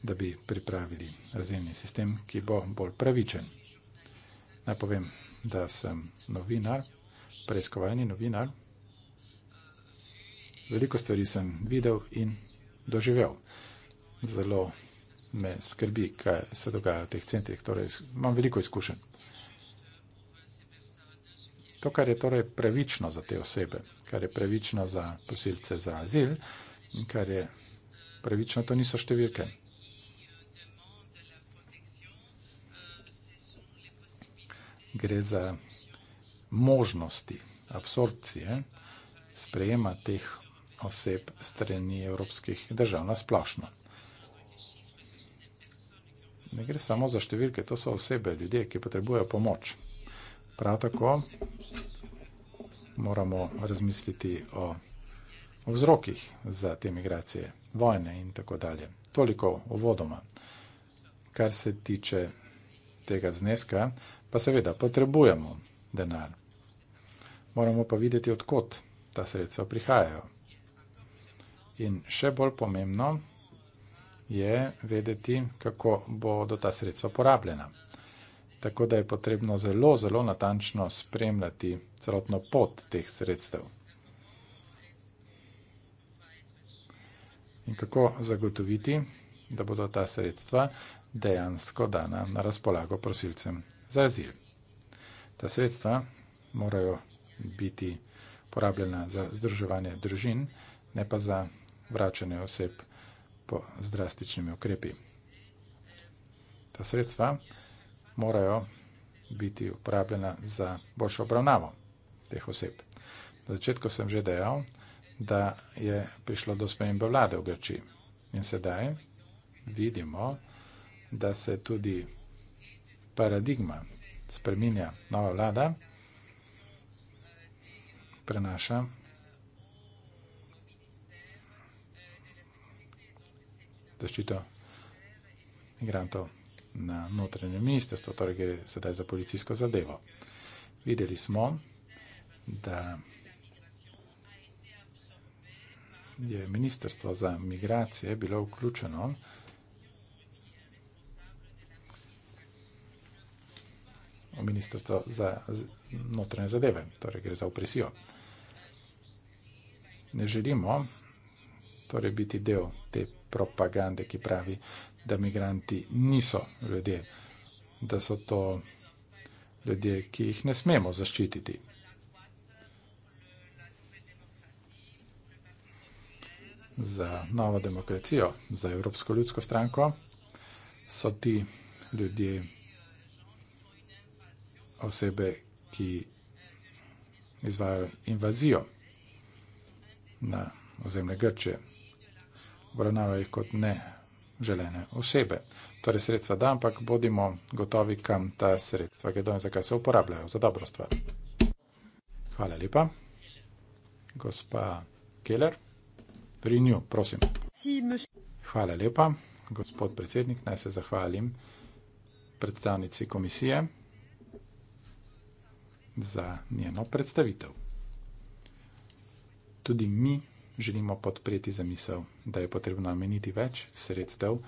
da bi pripravili razdeljni sistem, ki bo bolj pravičen. Naj povem, da sem novinar, preiskovalni novinar. Veliko stvari sem videl in doživel. Zelo me skrbi, kaj se dogaja v teh centrih. Torej, imam veliko izkušenj. To, kar je torej pravično za te osebe, kar je pravično za posilce za azil in kar je pravično, to niso številke. Gre za možnosti absorpcije, sprejema teh oseb strani evropskih držav na splošno. Ne gre samo za številke, to so osebe, ljudje, ki potrebujejo pomoč. Prav tako moramo razmisliti o vzrokih za te migracije, vojne in tako dalje. Toliko uvodoma. Kar se tiče tega zneska, pa seveda potrebujemo denar. Moramo pa videti, odkot ta sredstva prihajajo. In še bolj pomembno je vedeti, kako bodo ta sredstva porabljena. Tako da je potrebno zelo, zelo natančno spremljati celotno pot teh sredstev. In kako zagotoviti, da bodo ta sredstva dejansko dana na razpolago prosilcem za azil. Ta sredstva morajo biti porabljena za združevanje družin, ne pa za vračanje oseb po drastičnimi ukrepi. Ta sredstva morajo biti uporabljena za boljšo obravnavo teh oseb. Na začetku sem že dejal, da je prišlo do spremembe vlade v Grčiji in sedaj vidimo, da se tudi paradigma spreminja. Nova vlada prenaša zaščito migrantov na notranjem ministrstvu, torej gre sedaj za policijsko zadevo. Videli smo, da je ministrstvo za migracije bilo vključeno v ministrstvo za notranje zadeve, torej gre za opresijo. Ne želimo, da torej biti del te propagande, ki pravi, da migranti niso ljudje, da so to ljudje, ki jih ne smemo zaščititi. Za novo demokracijo, za Evropsko ljudsko stranko so ti ljudje osebe, ki izvajo invazijo na ozemlje Grče. Obravnava jih kot ne želene osebe. Torej sredstva da, ampak bodimo gotovi, kam ta sredstva gredo in zakaj se uporabljajo za dobro stvar. Hvala lepa. Gospa Keller, pri nju, prosim. Hvala lepa, gospod predsednik, naj se zahvalim predstavnici komisije za njeno predstavitev. Tudi mi želimo podpreti zamisel, da je potrebno nameniti več sredstev,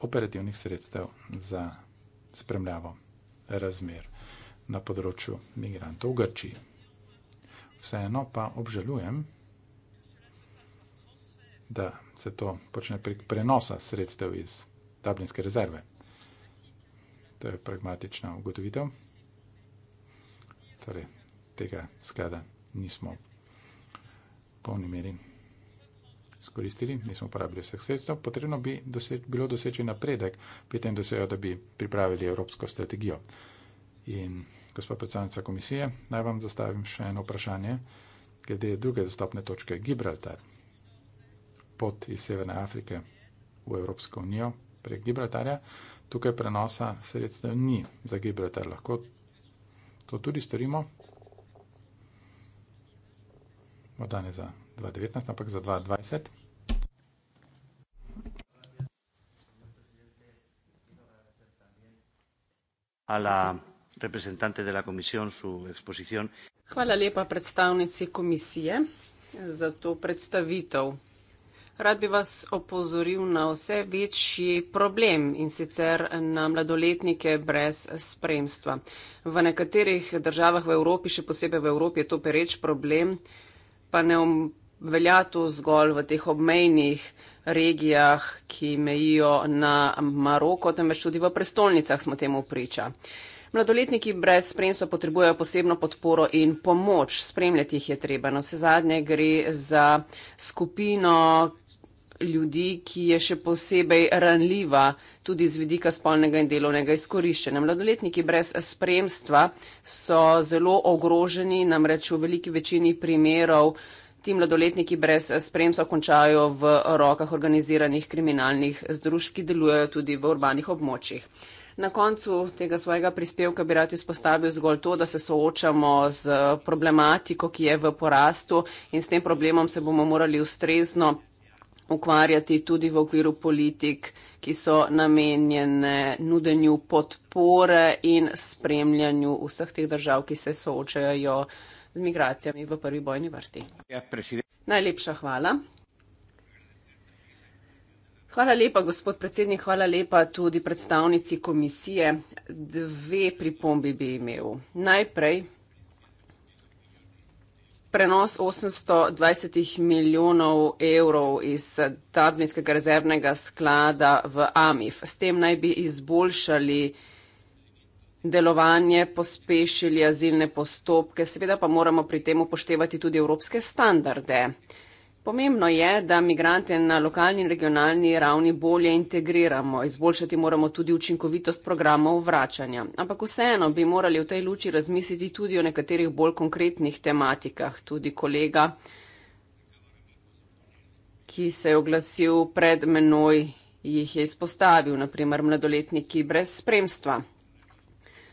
operativnih sredstev za spremljavo razmer na področju migrantov v Grčiji. Vseeno pa obžalujem, da se to počne prek prenosa sredstev iz Dublinske rezerve. To je pragmatična ugotovitev. Torej, tega sklada nismo v polni meri skoristili, nismo uporabili vseh sredstev, potrebno bi doseč, bilo doseči napredek pri tem dosegu, da bi pripravili evropsko strategijo. In gospod predsednica komisije, naj vam zastavim še eno vprašanje glede druge dostopne točke Gibraltar. Pot iz Severne Afrike v Evropsko unijo prek Gibraltarja. Tukaj prenosa sredstev ni za Gibraltar. Lahko to tudi storimo. Morda ne za 2019, ampak za 2020. A la reprezentante de la komisijo, su exposición. Hvala lepa predstavnici komisije za to predstavitev. Rad bi vas opozoril na vse večji problem in sicer na mladoletnike brez spremstva. V nekaterih državah v Evropi, še posebej v Evropi, je to pereč problem, pa ne velja to zgolj v teh obmejnih regijah, ki mejijo na Maroko, temveč tudi v prestolnicah smo temu priča. Mladoletniki brez spremstva potrebujejo posebno podporo in pomoč. Spremljati jih je treba. Na vse zadnje gre za skupino ljudi, ki je še posebej ranljiva tudi z vidika spolnega in delovnega izkoriščenja. Mladoletniki brez spremstva so zelo ogroženi, namreč v veliki večini primerov ti mladoletniki brez spremstva končajo v rokah organiziranih kriminalnih združb, ki delujejo tudi v urbanih območjih. Na koncu tega svojega prispevka bi rad izpostavil zgolj to, da se soočamo z problematiko, ki je v porastu in s tem problemom se bomo morali ustrezno ukvarjati tudi v okviru politik, ki so namenjene nudenju podpore in spremljanju vseh teh držav, ki se soočajo uh, z migracijami v prvi bojni vrsti. Ja, Najlepša hvala. Hvala lepa, gospod predsednik, hvala lepa tudi predstavnici komisije. Dve pripombi bi imel. Najprej prenos 820 milijonov evrov iz Tabninskega rezervnega sklada v AMIF. S tem naj bi izboljšali delovanje, pospešili azilne postopke, seveda pa moramo pri tem upoštevati tudi evropske standarde. Pomembno je, da migrante na lokalni in regionalni ravni bolje integriramo, izboljšati moramo tudi učinkovitost programov vračanja. Ampak vseeno bi morali v tej luči razmisliti tudi o nekaterih bolj konkretnih tematikah. Tudi kolega, ki se je oglasil pred menoj, jih je izpostavil, naprimer mladoletniki brez spremstva.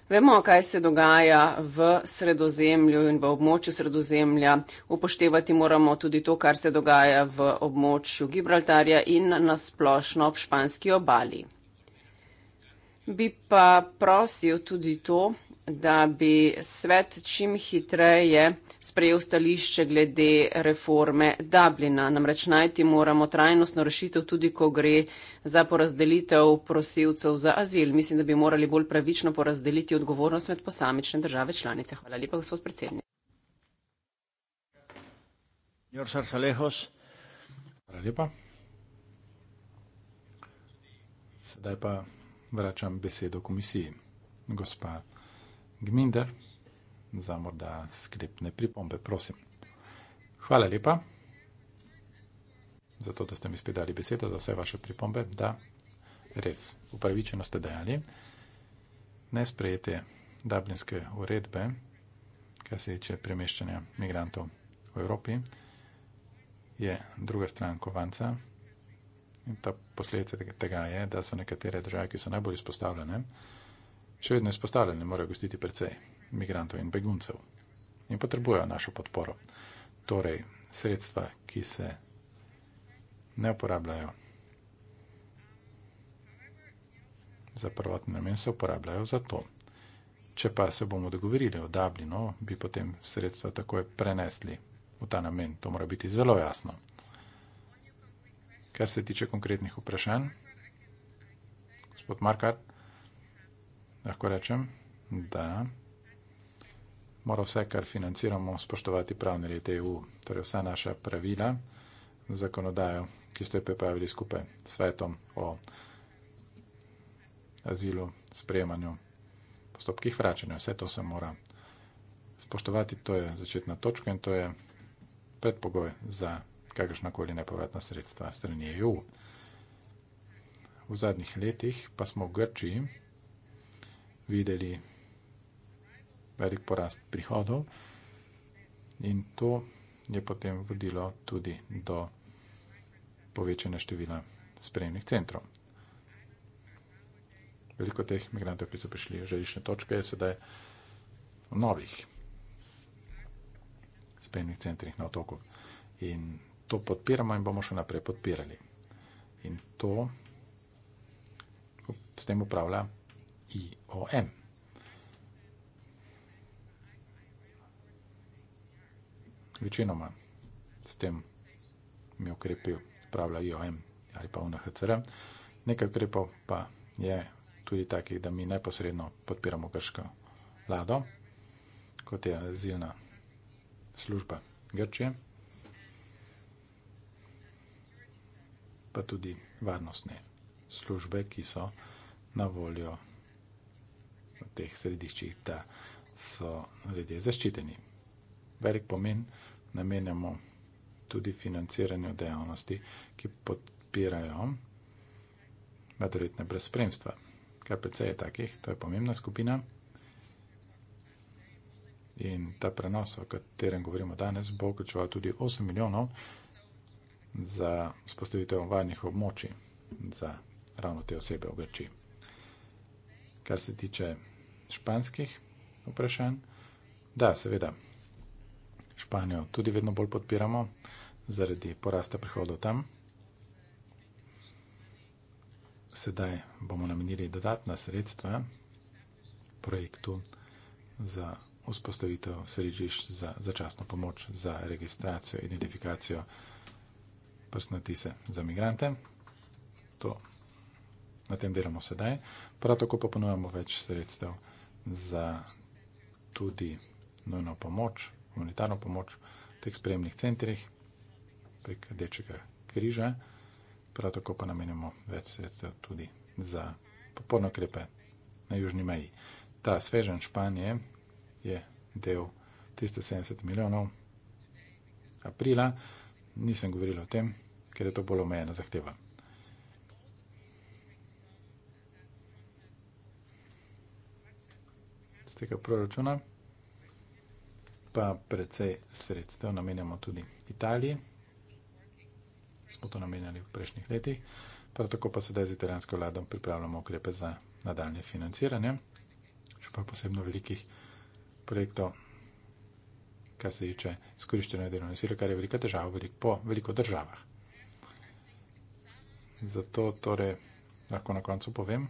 Vemo, kaj se dogaja v sredozemlju in v območju sredozemlja. Upoštevati moramo tudi to, kar se dogaja v območju Gibraltarja in nasplošno ob španski obali. Bi pa prosil tudi to, da bi svet čim hitreje sprejel stališče glede reforme Dublina. Namreč najti moramo trajnostno rešitev tudi, ko gre za porazdelitev prosilcev za azil. Mislim, da bi morali bolj pravično porazdeliti odgovornost med posamične države članice. Hvala lepa, gospod predsednik. Hvala lepa. Sedaj pa vračam besedo komisiji. Gospa Gminder za morda sklepne pripombe, prosim. Hvala lepa za to, da ste mi spet dali besedo za vse vaše pripombe. Da, res, upravičeno ste dejali. Nesprejete dublinske uredbe, kar se tiče premeščanja migrantov v Evropi, je druga stran kovanca. In ta posledica tega je, da so nekatere države, ki so najbolj izpostavljene, še vedno izpostavljeni, morajo gostiti precej imigrantov in beguncev in potrebujejo našo podporo. Torej, sredstva, ki se ne uporabljajo za prvotni namen, se uporabljajo za to. Če pa se bomo dogovorili o Dublinu, bi potem sredstva takoj prenesli v ta namen. To mora biti zelo jasno. Kar se tiče konkretnih vprašanj, gospod Markar. Lahko rečem, da mora vse, kar financiramo, spoštovati pravni red EU, torej vsa naša pravila, zakonodajo, ki ste jo pripravili skupaj s svetom o azilu, sprejemanju, postopkih vračanja. Vse to se mora spoštovati, to je začetna točka in to je predpogoj za kakršnakoli nepovratna sredstva strani EU. V zadnjih letih pa smo v Grčiji videli velik porast prihodov in to je potem vodilo tudi do povečanja števila sprejemnih centrov. Veliko teh migrantov, ki so prišli v želišne točke, je sedaj v novih sprejemnih centrih na otoku. In to podpiramo in bomo še naprej podpirali. In to s tem upravlja IOM. Večinoma s tem mi ukrepil pravila IOM ali pa UNHCR. Nekaj ukrepov pa je tudi takih, da mi neposredno podpiramo grško vlado, kot je azilna služba Grčije, pa tudi varnostne službe, ki so na voljo vsega teh središčih, da so ljudje zaščiteni. Velik pomen namenjamo tudi financiranju dejavnosti, ki podpirajo madridne brezpremstva. KPC je takih, to je pomembna skupina. In ta prenos, o katerem govorimo danes, bo vključeval tudi 8 milijonov za spostavitev varnih območij za ravno te osebe v Grčiji. Kar se tiče španskih vprašanj. Da, seveda, Španijo tudi vedno bolj podpiramo zaradi porasta prihodov tam. Sedaj bomo namenili dodatna sredstva projektu za vzpostavitev sredižišč za začasno pomoč za registracijo in identifikacijo prstnatise za migrante. To na tem delamo sedaj. Prav tako pa ponujemo več sredstev za za tudi nujno pomoč, humanitarno pomoč v teh spremnih centrih prek Rdečega križa. Prav tako pa namenjamo več sredstev tudi za podporno krepe na južni meji. Ta svežen Španije je del 370 milijonov aprila. Nisem govoril o tem, ker je to bolj omejena zahteva. tega proračuna, pa precej sredstev namenjamo tudi Italiji. Smo to namenjali v prejšnjih letih. Prav tako pa sedaj z italijansko vlado pripravljamo ukrepe za nadaljne financiranje, še pa posebno velikih projektov, kar se tiče izkoriščenja delovne sile, kar je velika težava po veliko državah. Zato torej lahko na koncu povem,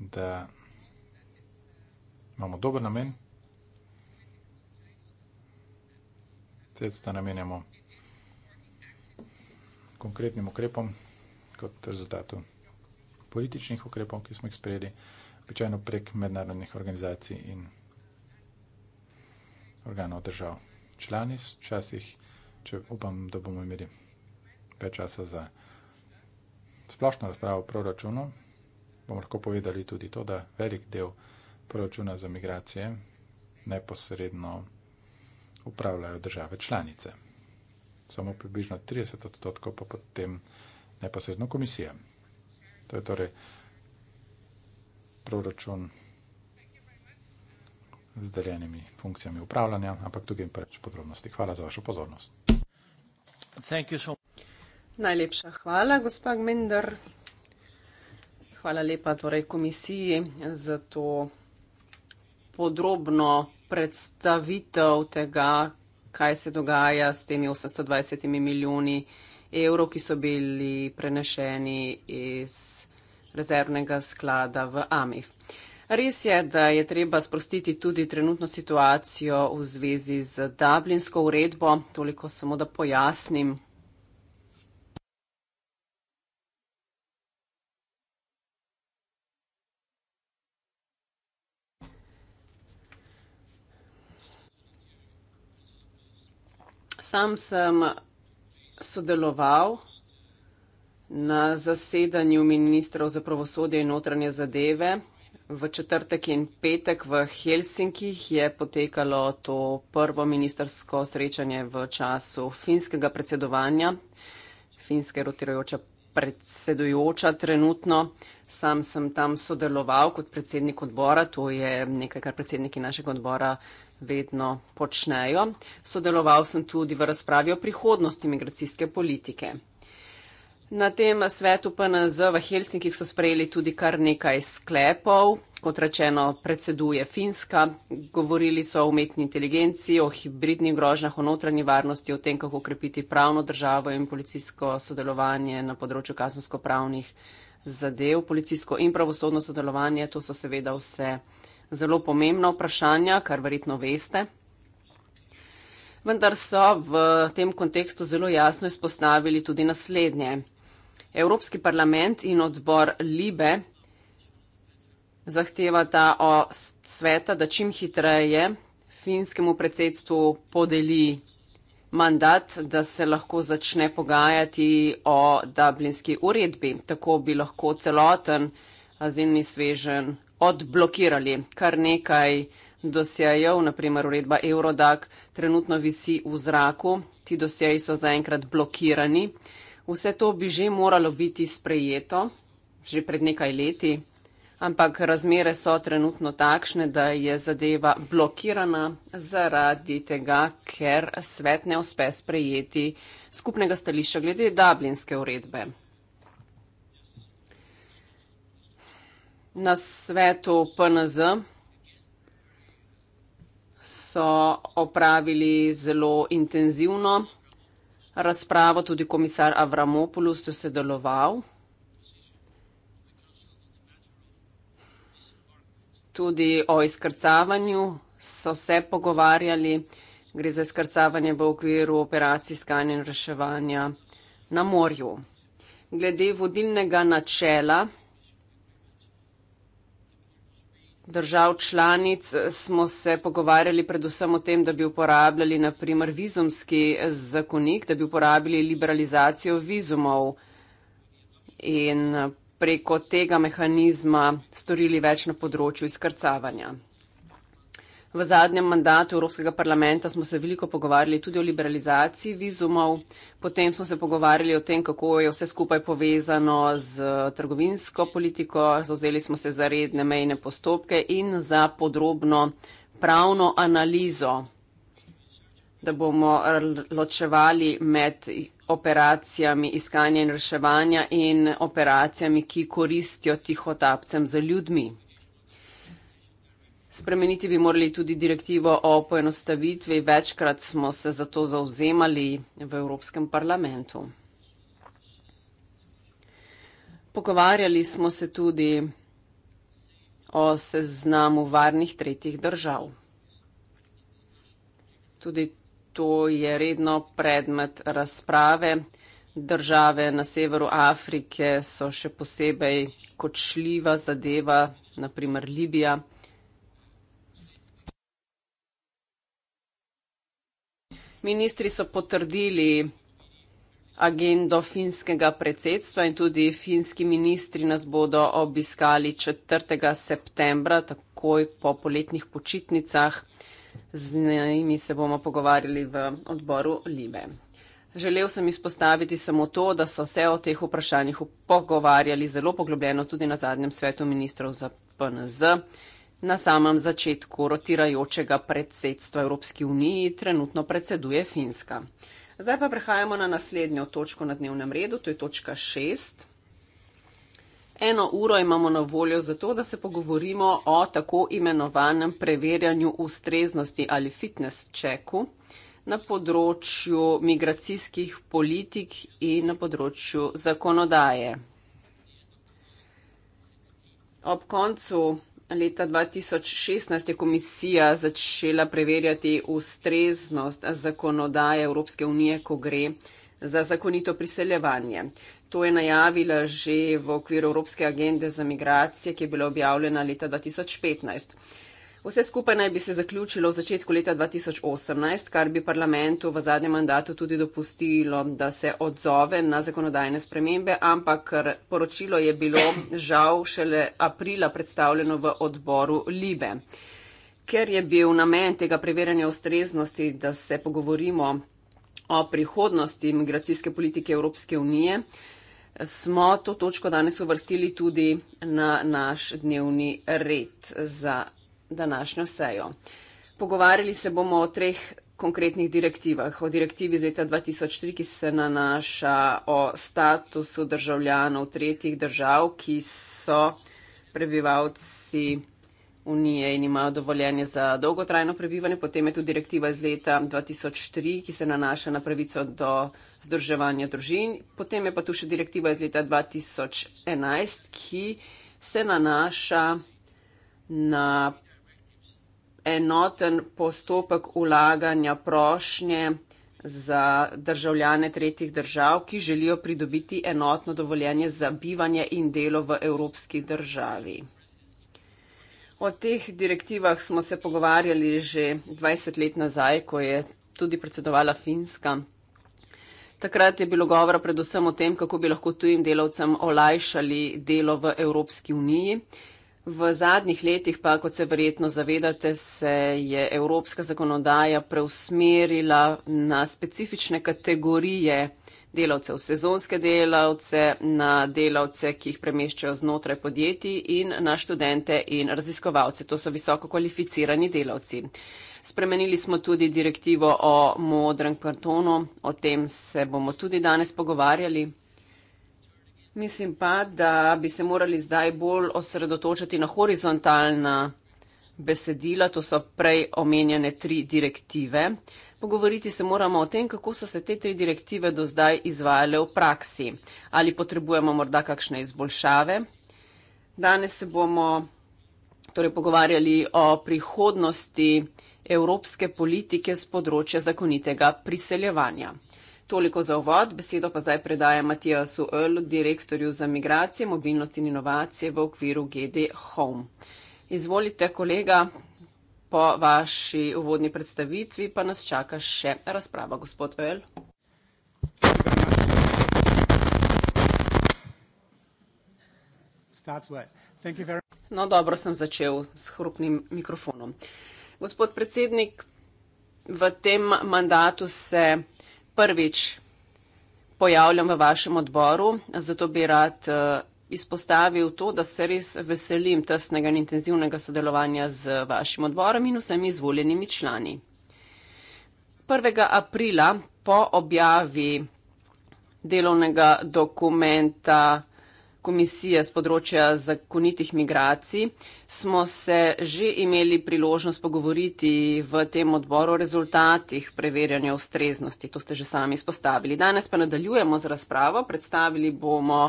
da imamo dober namen. Sredstva namenjamo konkretnim ukrepom kot rezultatu političnih ukrepov, ki smo jih sprejeli, običajno prek mednarodnih organizacij in organov držav članic. Včasih, če upam, da bomo imeli več časa za splošno razpravo o proračunu, bomo lahko povedali tudi to, da velik del proračuna proračuna za migracije neposredno upravljajo države članice. Samo približno 30 odstotkov pa potem neposredno komisija. To je torej proračun z deljenimi funkcijami upravljanja, ampak tukaj jim preč podrobnosti. Hvala za vašo pozornost. So Najlepša hvala, gospa Gmender. Hvala lepa torej komisiji za to podrobno predstavitev tega, kaj se dogaja s temi 820 milijoni evrov, ki so bili prenešeni iz rezervnega sklada v AMIF. Res je, da je treba sprostiti tudi trenutno situacijo v zvezi z Dublinsko uredbo. Toliko samo, da pojasnim, Sam sem sodeloval na zasedanju ministrov za pravosodje in notranje zadeve. V četrtek in petek v Helsinkih je potekalo to prvo ministersko srečanje v času finskega predsedovanja. Finske rotirajoča predsedujoča trenutno. Sam sem tam sodeloval kot predsednik odbora. To je nekaj, kar predsedniki našega odbora vedno počnejo. Sodeloval sem tudi v razpravi o prihodnosti migracijske politike. Na tem svetu PNZ v Helsinkih so sprejeli tudi kar nekaj sklepov, kot rečeno predseduje Finska. Govorili so o umetni inteligenci, o hibridnih grožnjah, o notranji varnosti, o tem, kako ukrepiti pravno državo in policijsko sodelovanje na področju kazensko-pravnih zadev. Policijsko in pravosodno sodelovanje, to so seveda vse zelo pomembna vprašanja, kar verjetno veste. Vendar so v tem kontekstu zelo jasno izpostavili tudi naslednje. Evropski parlament in odbor Libe zahtevata od sveta, da čim hitreje finskemu predsedstvu podeli mandat, da se lahko začne pogajati o dublinski uredbi. Tako bi lahko celoten azilni svežen odblokirali kar nekaj dosjejev, naprimer uredba Eurodac, trenutno visi v zraku, ti dosjeji so zaenkrat blokirani. Vse to bi že moralo biti sprejeto, že pred nekaj leti, ampak razmere so trenutno takšne, da je zadeva blokirana zaradi tega, ker svet ne uspe sprejeti skupnega stališča glede Dublinske uredbe. na svetu PNZ so opravili zelo intenzivno razpravo, tudi komisar Avramopoulos je sodeloval. Tudi o izkrcavanju so se pogovarjali, gre za izkrcavanje v okviru operacij iskanja in reševanja na morju. Glede vodilnega načela, držav članic smo se pogovarjali predvsem o tem, da bi uporabljali naprimer vizumski zakonik, da bi uporabili liberalizacijo vizumov in preko tega mehanizma storili več na področju izkrcavanja. V zadnjem mandatu Evropskega parlamenta smo se veliko pogovarjali tudi o liberalizaciji vizumov, potem smo se pogovarjali o tem, kako je vse skupaj povezano z trgovinsko politiko, zauzeli smo se za redne mejne postopke in za podrobno pravno analizo, da bomo ločevali med operacijami iskanja in reševanja in operacijami, ki koristijo tihotapcem za ljudmi. Spremeniti bi morali tudi direktivo o poenostavitvi, večkrat smo se za to zauzemali v Evropskem parlamentu. Pogovarjali smo se tudi o seznamu varnih tretjih držav. Tudi to je redno predmet razprave. Države na severu Afrike so še posebej kočljiva zadeva, naprimer Libija. Ministri so potrdili agendo finskega predsedstva in tudi finski ministri nas bodo obiskali 4. septembra, takoj po poletnih počitnicah. Z njimi se bomo pogovarjali v odboru Libe. Želel sem izpostaviti samo to, da so se o teh vprašanjih pogovarjali zelo poglobljeno tudi na zadnjem svetu ministrov za PNZ. Na samem začetku rotirajočega predsedstva Evropski uniji trenutno predseduje Finska. Zdaj pa prehajamo na naslednjo točko na dnevnem redu, to je točka 6. Eno uro imamo na voljo za to, da se pogovorimo o tako imenovanem preverjanju ustreznosti ali fitness checku na področju migracijskih politik in na področju zakonodaje. Ob koncu Leta 2016 je komisija začela preverjati ustreznost zakonodaje Evropske unije, ko gre za zakonito priseljevanje. To je najavila že v okviru Evropske agende za migracije, ki je bila objavljena leta 2015. Vse skupaj naj bi se zaključilo v začetku leta 2018, kar bi parlamentu v zadnjem mandatu tudi dopustilo, da se odzove na zakonodajne spremembe, ampak poročilo je bilo žal šele aprila predstavljeno v odboru Libe. Ker je bil namen tega preverjanja ustreznosti, da se pogovorimo o prihodnosti migracijske politike Evropske unije, smo to točko danes uvrstili tudi na naš dnevni red za današnjo sejo. Pogovarjali se bomo o treh konkretnih direktivah. O direktivi iz leta 2003, ki se nanaša o statusu državljanov tretjih držav, ki so prebivalci unije in imajo dovoljenje za dolgotrajno prebivanje. Potem je tu direktiva iz leta 2003, ki se nanaša na pravico do združevanja družin. Potem je pa tu še direktiva iz leta 2011, ki se nanaša na enoten postopek ulaganja prošnje za državljane tretjih držav, ki želijo pridobiti enotno dovoljenje za bivanje in delo v evropski državi. O teh direktivah smo se pogovarjali že 20 let nazaj, ko je tudi predsedovala Finska. Takrat je bilo govora predvsem o tem, kako bi lahko tujim delavcem olajšali delo v Evropski uniji. V zadnjih letih pa, kot se verjetno zavedate, se je evropska zakonodaja preusmerila na specifične kategorije delavcev, sezonske delavce, na delavce, ki jih premeščajo znotraj podjetij in na študente in raziskovalce. To so visoko kvalificirani delavci. Spremenili smo tudi direktivo o modrem kartonu, o tem se bomo tudi danes pogovarjali. Mislim pa, da bi se morali zdaj bolj osredotočiti na horizontalna besedila, to so prej omenjene tri direktive. Pogovoriti se moramo o tem, kako so se te tri direktive do zdaj izvajale v praksi, ali potrebujemo morda kakšne izboljšave. Danes se bomo torej pogovarjali o prihodnosti evropske politike z področja zakonitega priseljevanja. Toliko za uvod, besedo pa zdaj predaja Matijasu Ölu, direktorju za migracije, mobilnost in inovacije v okviru GD Home. Izvolite, kolega, po vaši uvodni predstavitvi pa nas čaka še razprava, gospod Öl. No, dobro sem začel s hrupnim mikrofonom. Gospod predsednik, v tem mandatu se prvič pojavljam v vašem odboru, zato bi rad eh, izpostavil to, da se res veselim tesnega in intenzivnega sodelovanja z vašim odborom in vsemi izvoljenimi člani. 1. aprila po objavi delovnega dokumenta komisije z področja zakonitih migracij, smo se že imeli priložnost pogovoriti v tem odboru o rezultatih preverjanja ustreznosti. To ste že sami izpostavili. Danes pa nadaljujemo z razpravo. Predstavili bomo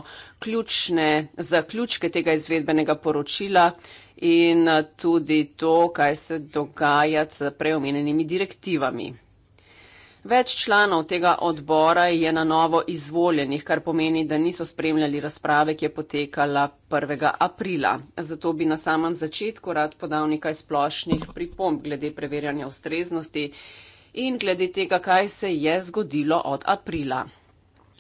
ključne zaključke tega izvedbenega poročila in tudi to, kaj se dogaja s preomenjenimi direktivami. Več članov tega odbora je na novo izvoljenih, kar pomeni, da niso spremljali razprave, ki je potekala 1. aprila. Zato bi na samem začetku rad podal nekaj splošnih pripomb glede preverjanja ustreznosti in glede tega, kaj se je zgodilo od aprila.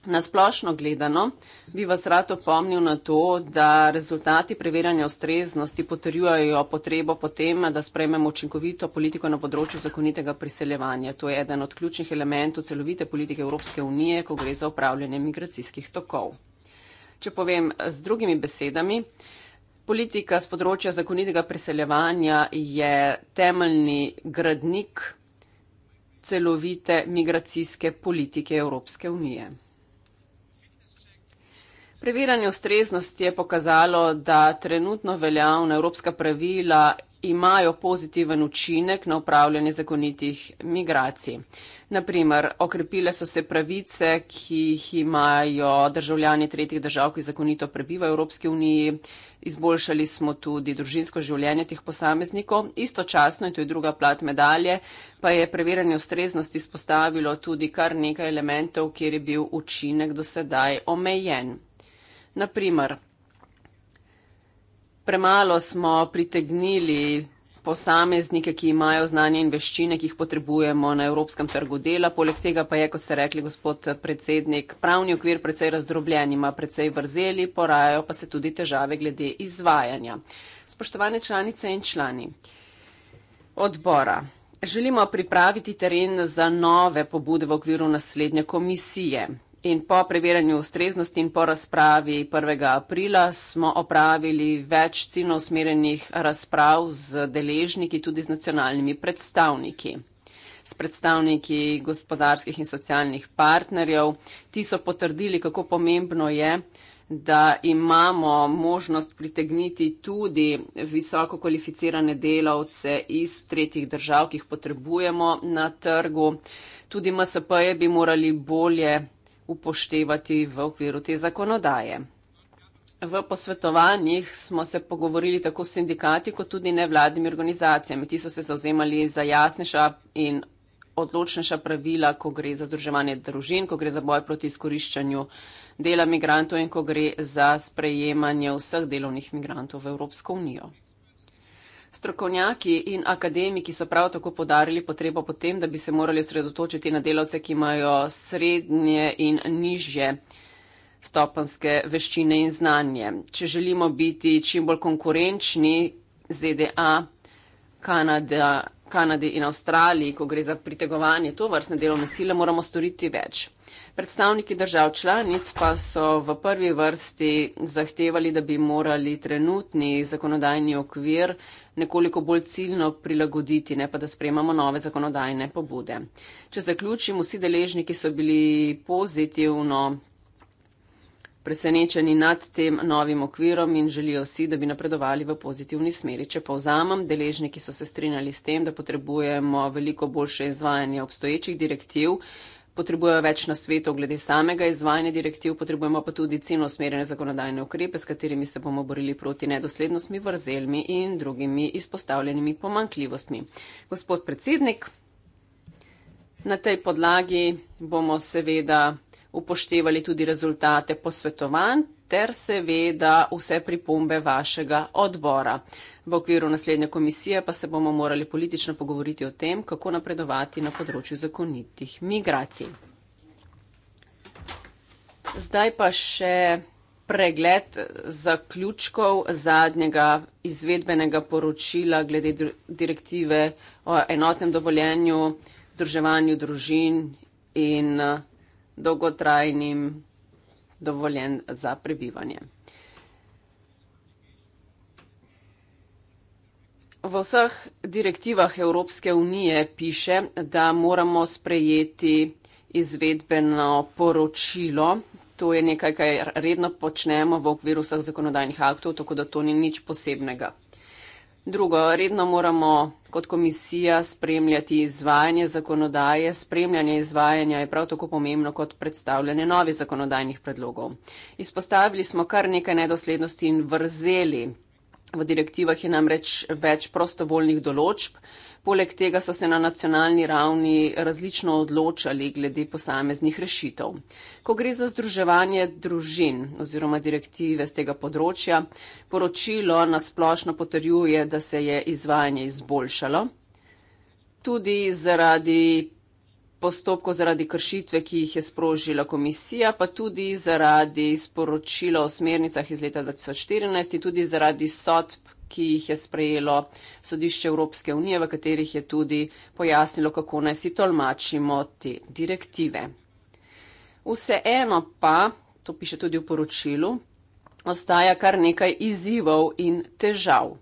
Na splošno gledano bi vas rad opomnil na to, da rezultati preverjanja ustreznosti potrjujejo potrebo potem, da sprejmemo učinkovito politiko na področju zakonitega priseljevanja. To je eden od ključnih elementov celovite politike Evropske unije, ko gre za upravljanje migracijskih tokov. Če povem z drugimi besedami, politika z področja zakonitega priseljevanja je temeljni gradnik celovite migracijske politike Evropske unije. Preverjanje ustreznosti je pokazalo, da trenutno veljavna evropska pravila imajo pozitiven učinek na upravljanje zakonitih migracij. Naprimer, okrepile so se pravice, ki jih imajo državljani tretjih držav, ki zakonito prebivajo v Evropski uniji, izboljšali smo tudi družinsko življenje teh posameznikov. Istočasno, in to je druga plat medalje, pa je preverjanje ustreznosti spostavilo tudi kar nekaj elementov, kjer je bil učinek do sedaj omejen. Naprimer, premalo smo pritegnili posameznike, ki imajo znanje in veščine, ki jih potrebujemo na evropskem trgu dela. Poleg tega pa je, kot ste rekli, gospod predsednik, pravni okvir precej razdrobljen, ima precej vrzeli, porajajo pa se tudi težave glede izvajanja. Spoštovane članice in člani odbora, želimo pripraviti teren za nove pobude v okviru naslednje komisije. In po preverjanju ustreznosti in po razpravi 1. aprila smo opravili več ciljno usmerjenih razprav z deležniki, tudi z nacionalnimi predstavniki. S predstavniki gospodarskih in socialnih partnerjev, ti so potrdili, kako pomembno je, da imamo možnost pritegniti tudi visoko kvalificirane delavce iz tretjih držav, ki jih potrebujemo na trgu. Tudi MSP-je bi morali bolje upoštevati v okviru te zakonodaje. V posvetovanjih smo se pogovorili tako s sindikati, kot tudi nevladnimi organizacijami. Ti so se zauzemali za jasnejša in odločnejša pravila, ko gre za združevanje družin, ko gre za boj proti izkoriščanju dela migrantov in ko gre za sprejemanje vseh delovnih migrantov v Evropsko unijo. Strokovnjaki in akademiki so prav tako podarili potrebo potem, da bi se morali osredotočiti na delavce, ki imajo srednje in nižje stopanske veščine in znanje. Če želimo biti čim bolj konkurenčni ZDA, Kanada, Kanadi in Avstraliji, ko gre za pritegovanje to vrstne delovne sile, moramo storiti več. Predstavniki držav članic pa so v prvi vrsti zahtevali, da bi morali trenutni zakonodajni okvir nekoliko bolj ciljno prilagoditi, ne pa da sprejemamo nove zakonodajne pobude. Če zaključim, vsi deležniki so bili pozitivno presenečeni nad tem novim okvirom in želijo vsi, da bi napredovali v pozitivni smeri. Če povzamem, deležniki so se strinjali s tem, da potrebujemo veliko boljše izvajanje obstoječih direktiv, potrebujejo več nasvetov glede samega izvajanja direktiv, potrebujemo pa tudi ciljno usmerjene zakonodajne ukrepe, s katerimi se bomo borili proti nedoslednostmi, vrzelmi in drugimi izpostavljenimi pomankljivostmi. Gospod predsednik, na tej podlagi bomo seveda upoštevali tudi rezultate posvetovanj, ter seveda vse pripombe vašega odbora. V okviru naslednje komisije pa se bomo morali politično pogovoriti o tem, kako napredovati na področju zakonitih migracij. Zdaj pa še pregled zaključkov zadnjega izvedbenega poročila glede direktive o enotnem dovoljenju, združevanju družin in eh, dolgotrajnim dovoljen za prebivanje. V vseh direktivah Evropske unije piše, da moramo sprejeti izvedbeno poročilo. To je nekaj, kar redno počnemo v okviru vseh zakonodajnih aktov, tako da to ni nič posebnega. Drugo, redno moramo kot komisija spremljati izvajanje zakonodaje. Spremljanje izvajanja je prav tako pomembno kot predstavljanje novih zakonodajnih predlogov. Izpostavili smo kar nekaj nedoslednosti in vrzeli. V direktivah je namreč več prostovoljnih določb, Poleg tega so se na nacionalni ravni različno odločali glede posameznih rešitev. Ko gre za združevanje družin oziroma direktive z tega področja, poročilo nasplošno potrjuje, da se je izvajanje izboljšalo. Tudi zaradi postopkov zaradi kršitve, ki jih je sprožila komisija, pa tudi zaradi sporočila o smernicah iz leta 2014 in tudi zaradi sodb, ki jih je sprejelo sodišče Evropske unije, v katerih je tudi pojasnilo, kako naj si tolmačimo te direktive. Vseeno pa, to piše tudi v poročilu, ostaja kar nekaj izzivov in težav.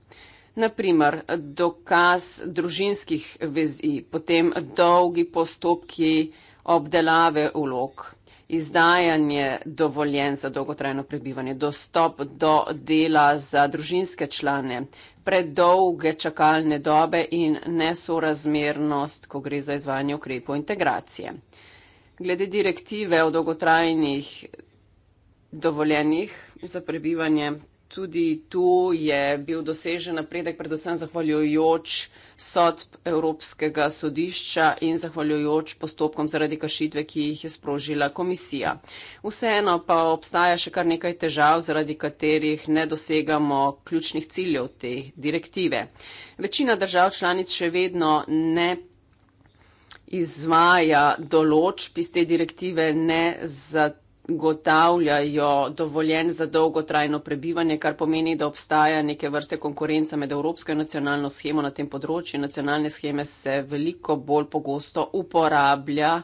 Naprimer, dokaz družinskih vezi, potem dolgi postopki obdelave vlog, izdajanje dovoljen za dolgotrajno prebivanje, dostop do dela za družinske člane, predolge čakalne dobe in nesorazmernost, ko gre za izvajanje ukrepov integracije. Glede direktive o dolgotrajnih dovoljenih za prebivanje Tudi tu je bil dosežen napredek, predvsem zahvaljujoč sodb Evropskega sodišča in zahvaljujoč postopkom zaradi kašitve, ki jih je sprožila komisija. Vseeno pa obstaja še kar nekaj težav, zaradi katerih ne dosegamo ključnih ciljev te direktive. Večina držav članic še vedno ne izvaja določb iz te direktive, ne zato, ugotavljajo dovoljen za dolgotrajno prebivanje, kar pomeni, da obstaja neke vrste konkurenca med evropsko in nacionalno schemo na tem področju. Nacionalne scheme se veliko bolj pogosto uporablja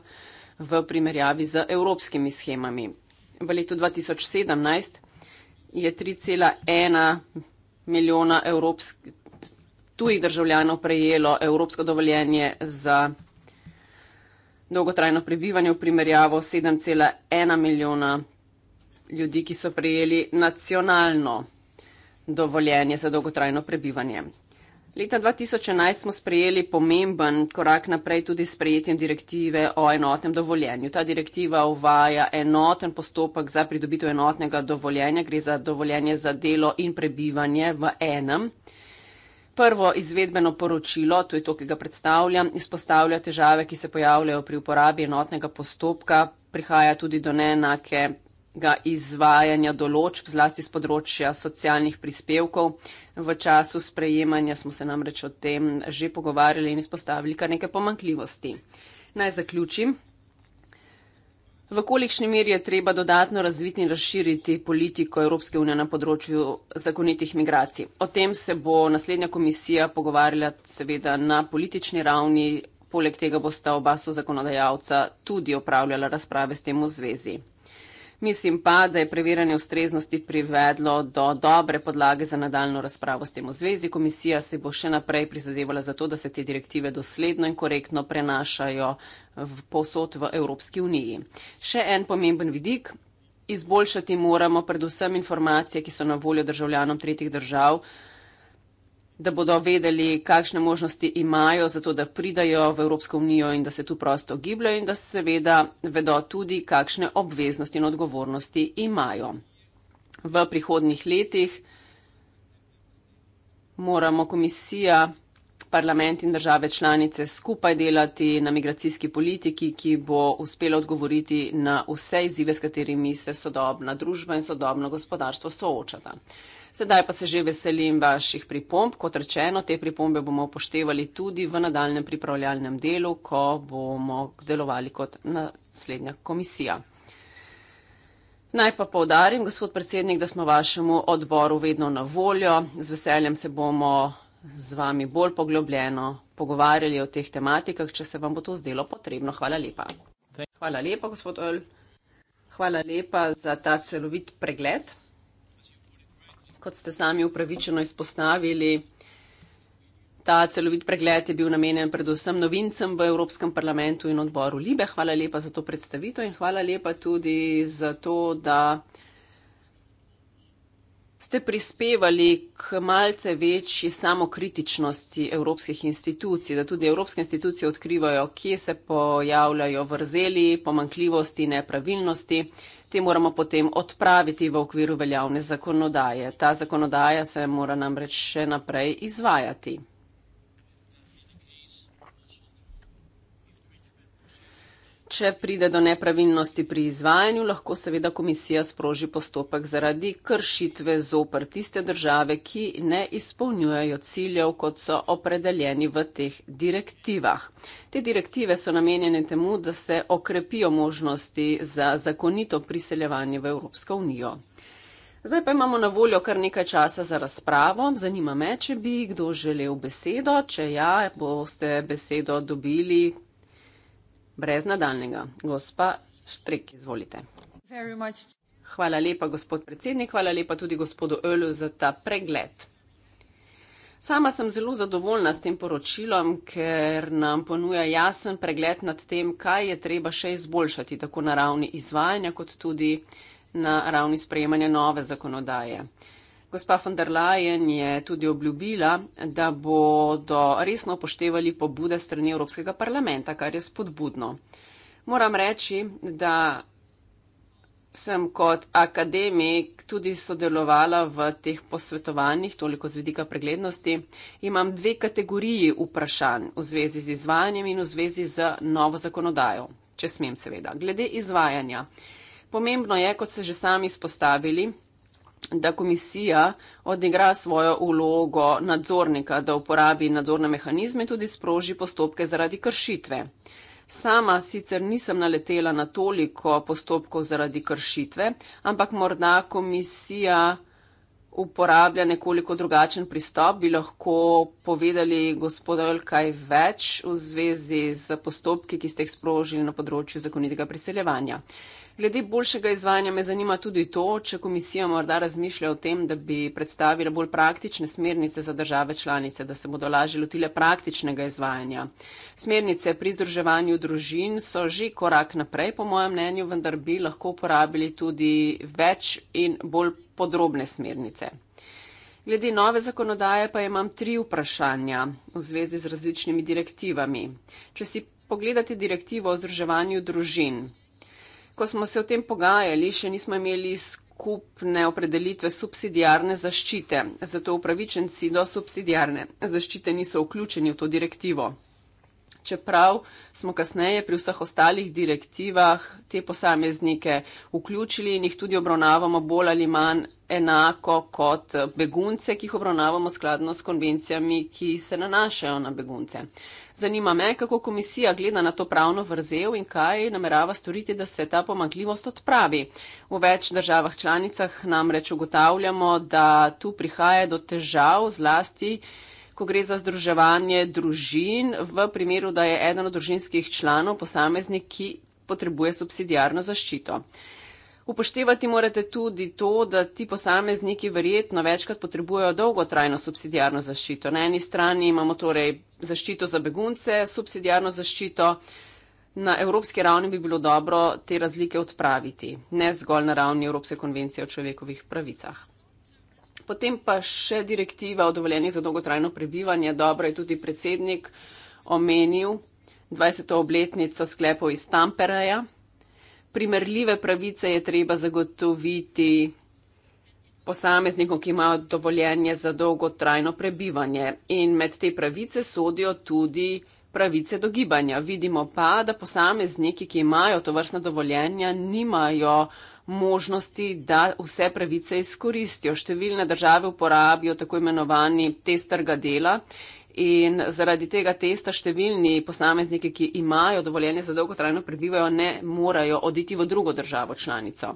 v primerjavi z evropskimi schemami. V letu 2017 je 3,1 milijona tujih državljanov prejelo evropsko dovoljenje za dolgotrajno prebivanje v primerjavo 7,1 milijona ljudi, ki so prejeli nacionalno dovoljenje za dolgotrajno prebivanje. Leta 2011 smo sprejeli pomemben korak naprej tudi s prejetjem direktive o enotnem dovoljenju. Ta direktiva uvaja enoten postopek za pridobitev enotnega dovoljenja, gre za dovoljenje za delo in prebivanje v enem. Prvo izvedbeno poročilo, to je to, ki ga predstavljam, izpostavlja težave, ki se pojavljajo pri uporabi enotnega postopka, prihaja tudi do neenakega izvajanja določb, zlasti z področja socialnih prispevkov. V času sprejemanja smo se namreč o tem že pogovarjali in izpostavili kar nekaj pomankljivosti. Naj zaključim. V kolikšni meri je treba dodatno razviti in razširiti politiko Evropske unije na področju zakonitih migracij? O tem se bo naslednja komisija pogovarjala seveda na politični ravni, poleg tega bo sta oba so zakonodajalca tudi opravljala razprave s tem v zvezi. Mislim pa, da je preverjanje ustreznosti privedlo do dobre podlage za nadaljno razpravo s tem v zvezi. Komisija se bo še naprej prizadevala za to, da se te direktive dosledno in korektno prenašajo v posod v Evropski uniji. Še en pomemben vidik. Izboljšati moramo predvsem informacije, ki so na voljo državljanom tretjih držav da bodo vedeli, kakšne možnosti imajo za to, da pridajo v Evropsko unijo in da se tu prosto gibljajo in da seveda vedo tudi, kakšne obveznosti in odgovornosti imajo. V prihodnih letih moramo komisija, parlament in države članice skupaj delati na migracijski politiki, ki bo uspela odgovoriti na vse izzive, s katerimi se sodobna družba in sodobno gospodarstvo soočata. Sedaj pa se že veselim vaših pripomb. Kot rečeno, te pripombe bomo upoštevali tudi v nadaljem pripravljalnem delu, ko bomo delovali kot naslednja komisija. Naj pa povdarim, gospod predsednik, da smo vašemu odboru vedno na voljo. Z veseljem se bomo z vami bolj poglobljeno pogovarjali o teh tematikah, če se vam bo to zdelo potrebno. Hvala lepa. Hvala lepa, gospod Olj. Hvala lepa za ta celovit pregled kot ste sami upravičeno izpostavili, ta celovit pregled je bil namenjen predvsem novincem v Evropskem parlamentu in odboru Libe. Hvala lepa za to predstavitev in hvala lepa tudi za to, da ste prispevali k malce večji samokritičnosti evropskih institucij, da tudi evropske institucije odkrivajo, kje se pojavljajo vrzeli, pomankljivosti, nepravilnosti te moramo potem odpraviti v okviru veljavne zakonodaje. Ta zakonodaja se mora namreč še naprej izvajati. Če pride do nepravilnosti pri izvajanju, lahko seveda komisija sproži postopek zaradi kršitve zopr tiste države, ki ne izpolnjujejo ciljev, kot so opredeljeni v teh direktivah. Te direktive so namenjene temu, da se okrepijo možnosti za zakonito priseljevanje v Evropsko unijo. Zdaj pa imamo na voljo kar nekaj časa za razpravo. Zanima me, če bi kdo želel besedo. Če ja, boste besedo dobili Brez nadaljnega. Gospa Štrek, izvolite. Hvala lepa, gospod predsednik, hvala lepa tudi gospodu Ölu za ta pregled. Sama sem zelo zadovoljna s tem poročilom, ker nam ponuja jasen pregled nad tem, kaj je treba še izboljšati, tako na ravni izvajanja, kot tudi na ravni sprejemanja nove zakonodaje. Gospa von der Leyen je tudi obljubila, da bodo resno upoštevali pobude strani Evropskega parlamenta, kar je spodbudno. Moram reči, da sem kot akademik tudi sodelovala v teh posvetovanjih, toliko z vidika preglednosti. Imam dve kategoriji vprašanj v zvezi z izvajanjem in v zvezi z novo zakonodajo, če smem seveda. Glede izvajanja. Pomembno je, kot se že sami spostavili, da komisija odigra svojo ulogo nadzornika, da uporabi nadzorne mehanizme in tudi sproži postopke zaradi kršitve. Sama sicer nisem naletela na toliko postopkov zaradi kršitve, ampak morda komisija uporablja nekoliko drugačen pristop. Bi lahko povedali gospodar kaj več v zvezi z postopki, ki ste jih sprožili na področju zakonitega priseljevanja. Uh, Glede boljšega izvajanja me zanima tudi to, če komisija morda razmišlja o tem, da bi predstavila bolj praktične smernice za države članice, da se bodo lažje lotile praktičnega izvajanja. Smernice pri združevanju družin so že korak naprej, po mojem mnenju, vendar bi lahko uporabili tudi več in bolj podrobne smernice. Glede nove zakonodaje pa imam tri vprašanja v zvezi z različnimi direktivami. Če si pogledate direktivo o združevanju družin, ko smo se o tem pogajali, še nismo imeli skupne opredelitve subsidijarne zaščite, zato upravičenci do subsidijarne zaščite niso vključeni v to direktivo. Čeprav smo kasneje pri vseh ostalih direktivah te posameznike vključili in jih tudi obravnavamo bolj ali manj enako kot begunce, ki jih obravnavamo skladno s konvencijami, ki se nanašajo na begunce. Zanima me, kako komisija gleda na to pravno vrzel in kaj namerava storiti, da se ta pomakljivost odpravi. V več državah članicah namreč ugotavljamo, da tu prihaja do težav zlasti, ko gre za združevanje družin v primeru, da je eden od družinskih članov posameznik, ki potrebuje subsidijarno zaščito. Upoštevati morate tudi to, da ti posamezniki verjetno večkrat potrebujejo dolgotrajno subsidijarno zaščito. Na eni strani imamo torej zaščito za begunce, subsidijarno zaščito. Na evropski ravni bi bilo dobro te razlike odpraviti, ne zgolj na ravni Evropske konvencije o človekovih pravicah. Potem pa še direktiva o dovoljenih za dolgotrajno prebivanje. Dobro je tudi predsednik omenil 20. obletnico sklepov iz Tampereja, primerljive pravice je treba zagotoviti posameznikom, ki imajo dovoljenje za dolgotrajno prebivanje. In med te pravice sodijo tudi pravice do gibanja. Vidimo pa, da posamezniki, ki imajo to vrstno dovoljenje, nimajo možnosti, da vse pravice izkoristijo. Številne države uporabijo tako imenovani test trga dela In zaradi tega testa številni posamezniki, ki imajo dovoljenje za dolgotrajno prebivajo, ne morajo oditi v drugo državo članico.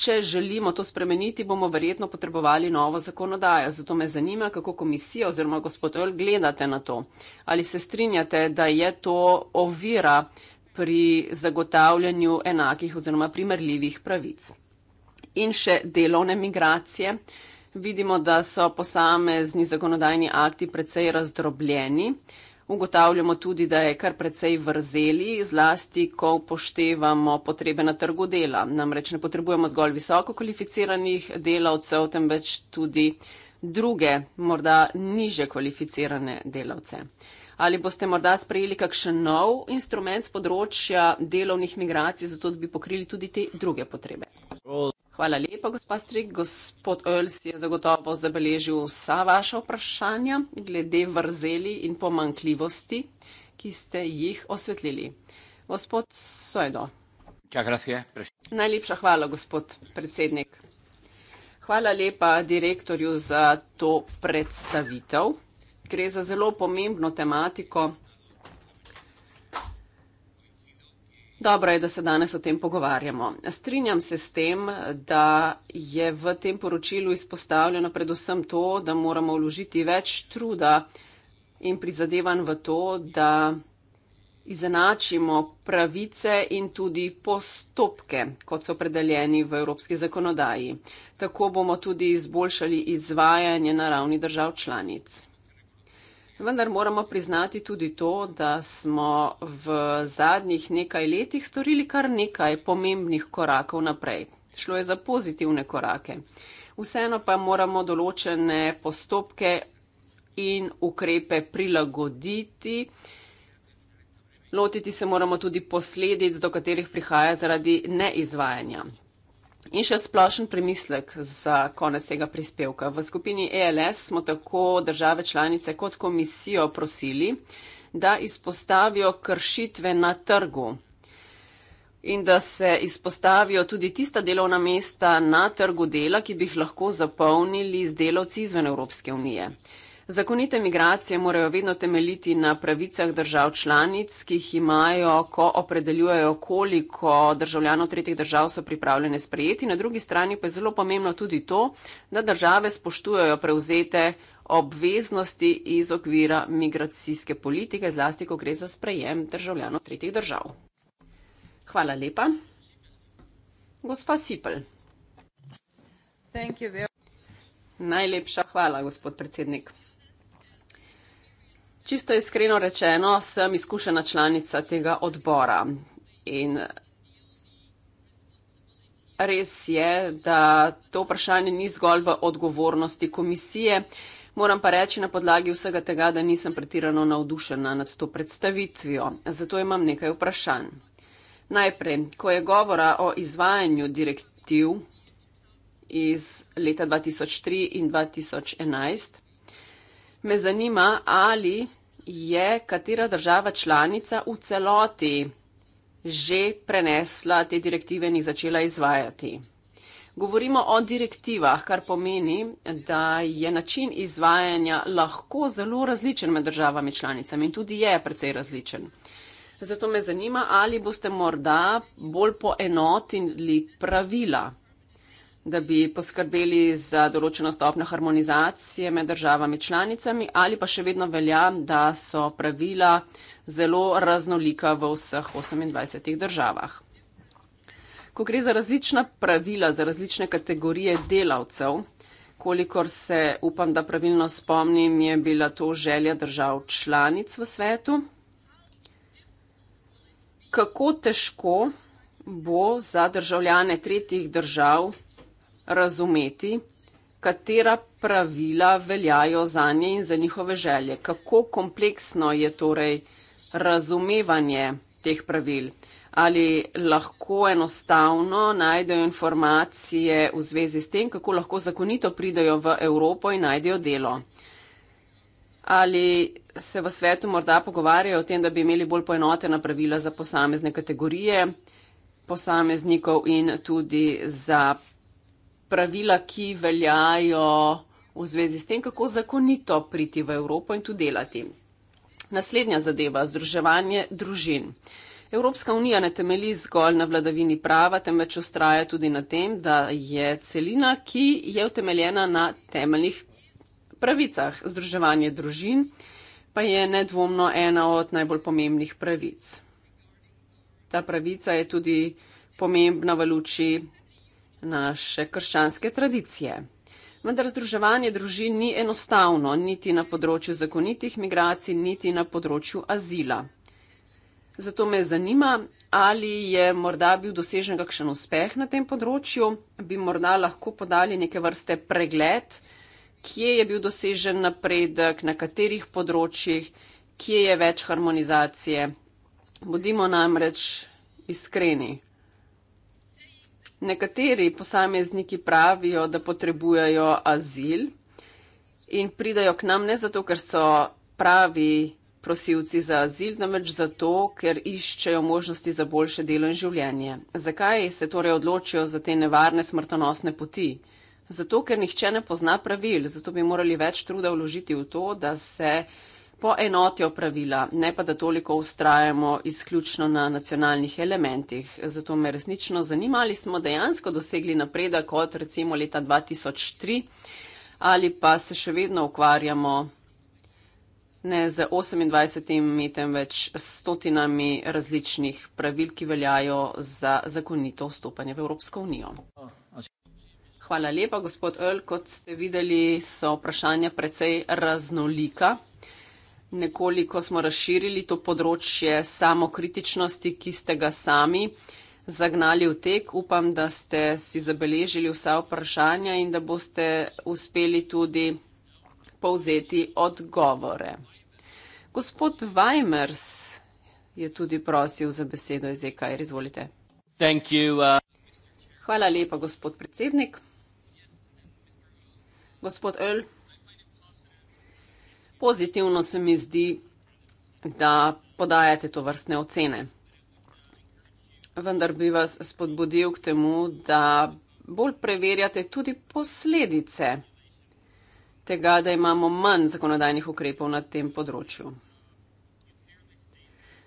Če želimo to spremeniti, bomo verjetno potrebovali novo zakonodajo. Zato me zanima, kako komisija oziroma gospod Ol gledate na to. Ali se strinjate, da je to ovira pri zagotavljanju enakih oziroma primerljivih pravic? In še delovne migracije. Uh, vidimo, da so posamezni zakonodajni akti precej razdrobljeni. Ugotavljamo tudi, da je kar precej vrzeli, zlasti, ko poštevamo potrebe na trgu dela. Namreč ne potrebujemo zgolj visoko kvalificiranih delavcev, temveč tudi druge, morda niže kvalificirane delavce. Ali boste morda sprejeli kakšen nov instrument z področja delovnih migracij, zato da bi pokrili tudi te druge potrebe? Oh. Hvala lepa, gospa Strik. Gospod Öls je zagotovo zabeležil vsa vaša vprašanja glede vrzeli in pomankljivosti, ki ste jih osvetlili. Gospod Soedo. Najlepša hvala, gospod predsednik. Hvala lepa direktorju za to predstavitev. Gre za zelo pomembno tematiko Dobro je, da se danes o tem pogovarjamo. Strinjam se s tem, da je v tem poročilu izpostavljeno predvsem to, da moramo vložiti več truda in prizadevanj v to, da izenačimo pravice in tudi postopke, kot so predeljeni v evropski zakonodaji. Tako bomo tudi izboljšali izvajanje na ravni držav članic. Vendar moramo priznati tudi to, da smo v zadnjih nekaj letih storili kar nekaj pomembnih korakov naprej. Šlo je za pozitivne korake. Vseeno pa moramo določene postopke in ukrepe prilagoditi. Lotiti se moramo tudi posledic, do katerih prihaja zaradi neizvajanja. In še splošen premislek za konec tega prispevka. V skupini ELS smo tako države članice kot komisijo prosili, da izpostavijo kršitve na trgu in da se izpostavijo tudi tista delovna mesta na trgu dela, ki bi jih lahko zapolnili z delavci izven Evropske unije. Zakonite migracije morajo vedno temeljiti na pravicah držav članic, ki jih imajo, ko opredeljujejo, koliko državljanov tretjih držav so pripravljene sprejeti. Na drugi strani pa je zelo pomembno tudi to, da države spoštujejo prevzete obveznosti iz okvira migracijske politike, zlasti, ko gre za sprejem državljanov tretjih držav. Hvala lepa. Gospa Sipel. Najlepša hvala, gospod predsednik. Čisto iskreno rečeno, sem izkušena članica tega odbora. In res je, da to vprašanje ni zgolj v odgovornosti komisije. Moram pa reči na podlagi vsega tega, da nisem pretirano navdušena nad to predstavitvijo. Zato imam nekaj vprašanj. Najprej, ko je govora o izvajanju direktiv iz leta 2003 in 2011, me zanima, ali je katera država članica v celoti že prenesla te direktive in jih začela izvajati. Govorimo o direktivah, kar pomeni, da je način izvajanja lahko zelo različen med državami članicami in tudi je precej različen. Zato me zanima, ali boste morda bolj poenotili pravila da bi poskrbeli za določeno stopno harmonizacije med državami članicami ali pa še vedno velja, da so pravila zelo raznolika v vseh 28 državah. Ko gre za različna pravila, za različne kategorije delavcev, kolikor se upam, da pravilno spomnim, je bila to želja držav članic v svetu. Kako težko bo za državljane tretjih držav razumeti, katera pravila veljajo za nje in za njihove želje. Kako kompleksno je torej razumevanje teh pravil? Ali lahko enostavno najdejo informacije v zvezi s tem, kako lahko zakonito pridajo v Evropo in najdejo delo? Ali se v svetu morda pogovarjajo o tem, da bi imeli bolj poenotena pravila za posamezne kategorije posameznikov in tudi za pravila, ki veljajo v zvezi s tem, kako zakonito priti v Evropo in tu delati. Naslednja zadeva, združevanje družin. Evropska unija ne temeli zgolj na vladavini prava, temveč ustraja tudi na tem, da je celina, ki je utemeljena na temeljnih pravicah. Združevanje družin pa je nedvomno ena od najbolj pomembnih pravic. Ta pravica je tudi pomembna v luči naše krščanske tradicije. Vendar združevanje družin ni enostavno, niti na področju zakonitih migracij, niti na področju azila. Zato me zanima, ali je morda bil dosežen kakšen uspeh na tem področju, bi morda lahko podali neke vrste pregled, kje je bil dosežen napredek, na katerih področjih, kje je več harmonizacije. Bodimo namreč iskreni, Nekateri posamezniki pravijo, da potrebujejo azil in pridajo k nam ne zato, ker so pravi prosilci za azil, namreč zato, ker iščejo možnosti za boljše delo in življenje. Zakaj se torej odločijo za te nevarne smrtonosne poti? Zato, ker nihče ne pozna pravil, zato bi morali več truda vložiti v to, da se poenotijo pravila, ne pa da toliko ustrajamo izključno na nacionalnih elementih. Zato me resnično zanimali smo dejansko dosegli napredek kot recimo leta 2003 ali pa se še vedno ukvarjamo ne z 28 metem več stotinami različnih pravil, ki veljajo za zakonito vstopanje v Evropsko unijo. Hvala lepa, gospod Öl. Kot ste videli, so vprašanja precej raznolika. Nekoliko smo razširili to področje samokritičnosti, ki ste ga sami zagnali v tek. Upam, da ste si zabeležili vsa vprašanja in da boste uspeli tudi povzeti odgovore. Gospod Weimers je tudi prosil za besedo iz EKR. Izvolite. You, uh... Hvala lepa, gospod predsednik. Gospod Öl pozitivno se mi zdi, da podajate to vrstne ocene. Vendar bi vas spodbudil k temu, da bolj preverjate tudi posledice tega, da imamo manj zakonodajnih ukrepov na tem področju.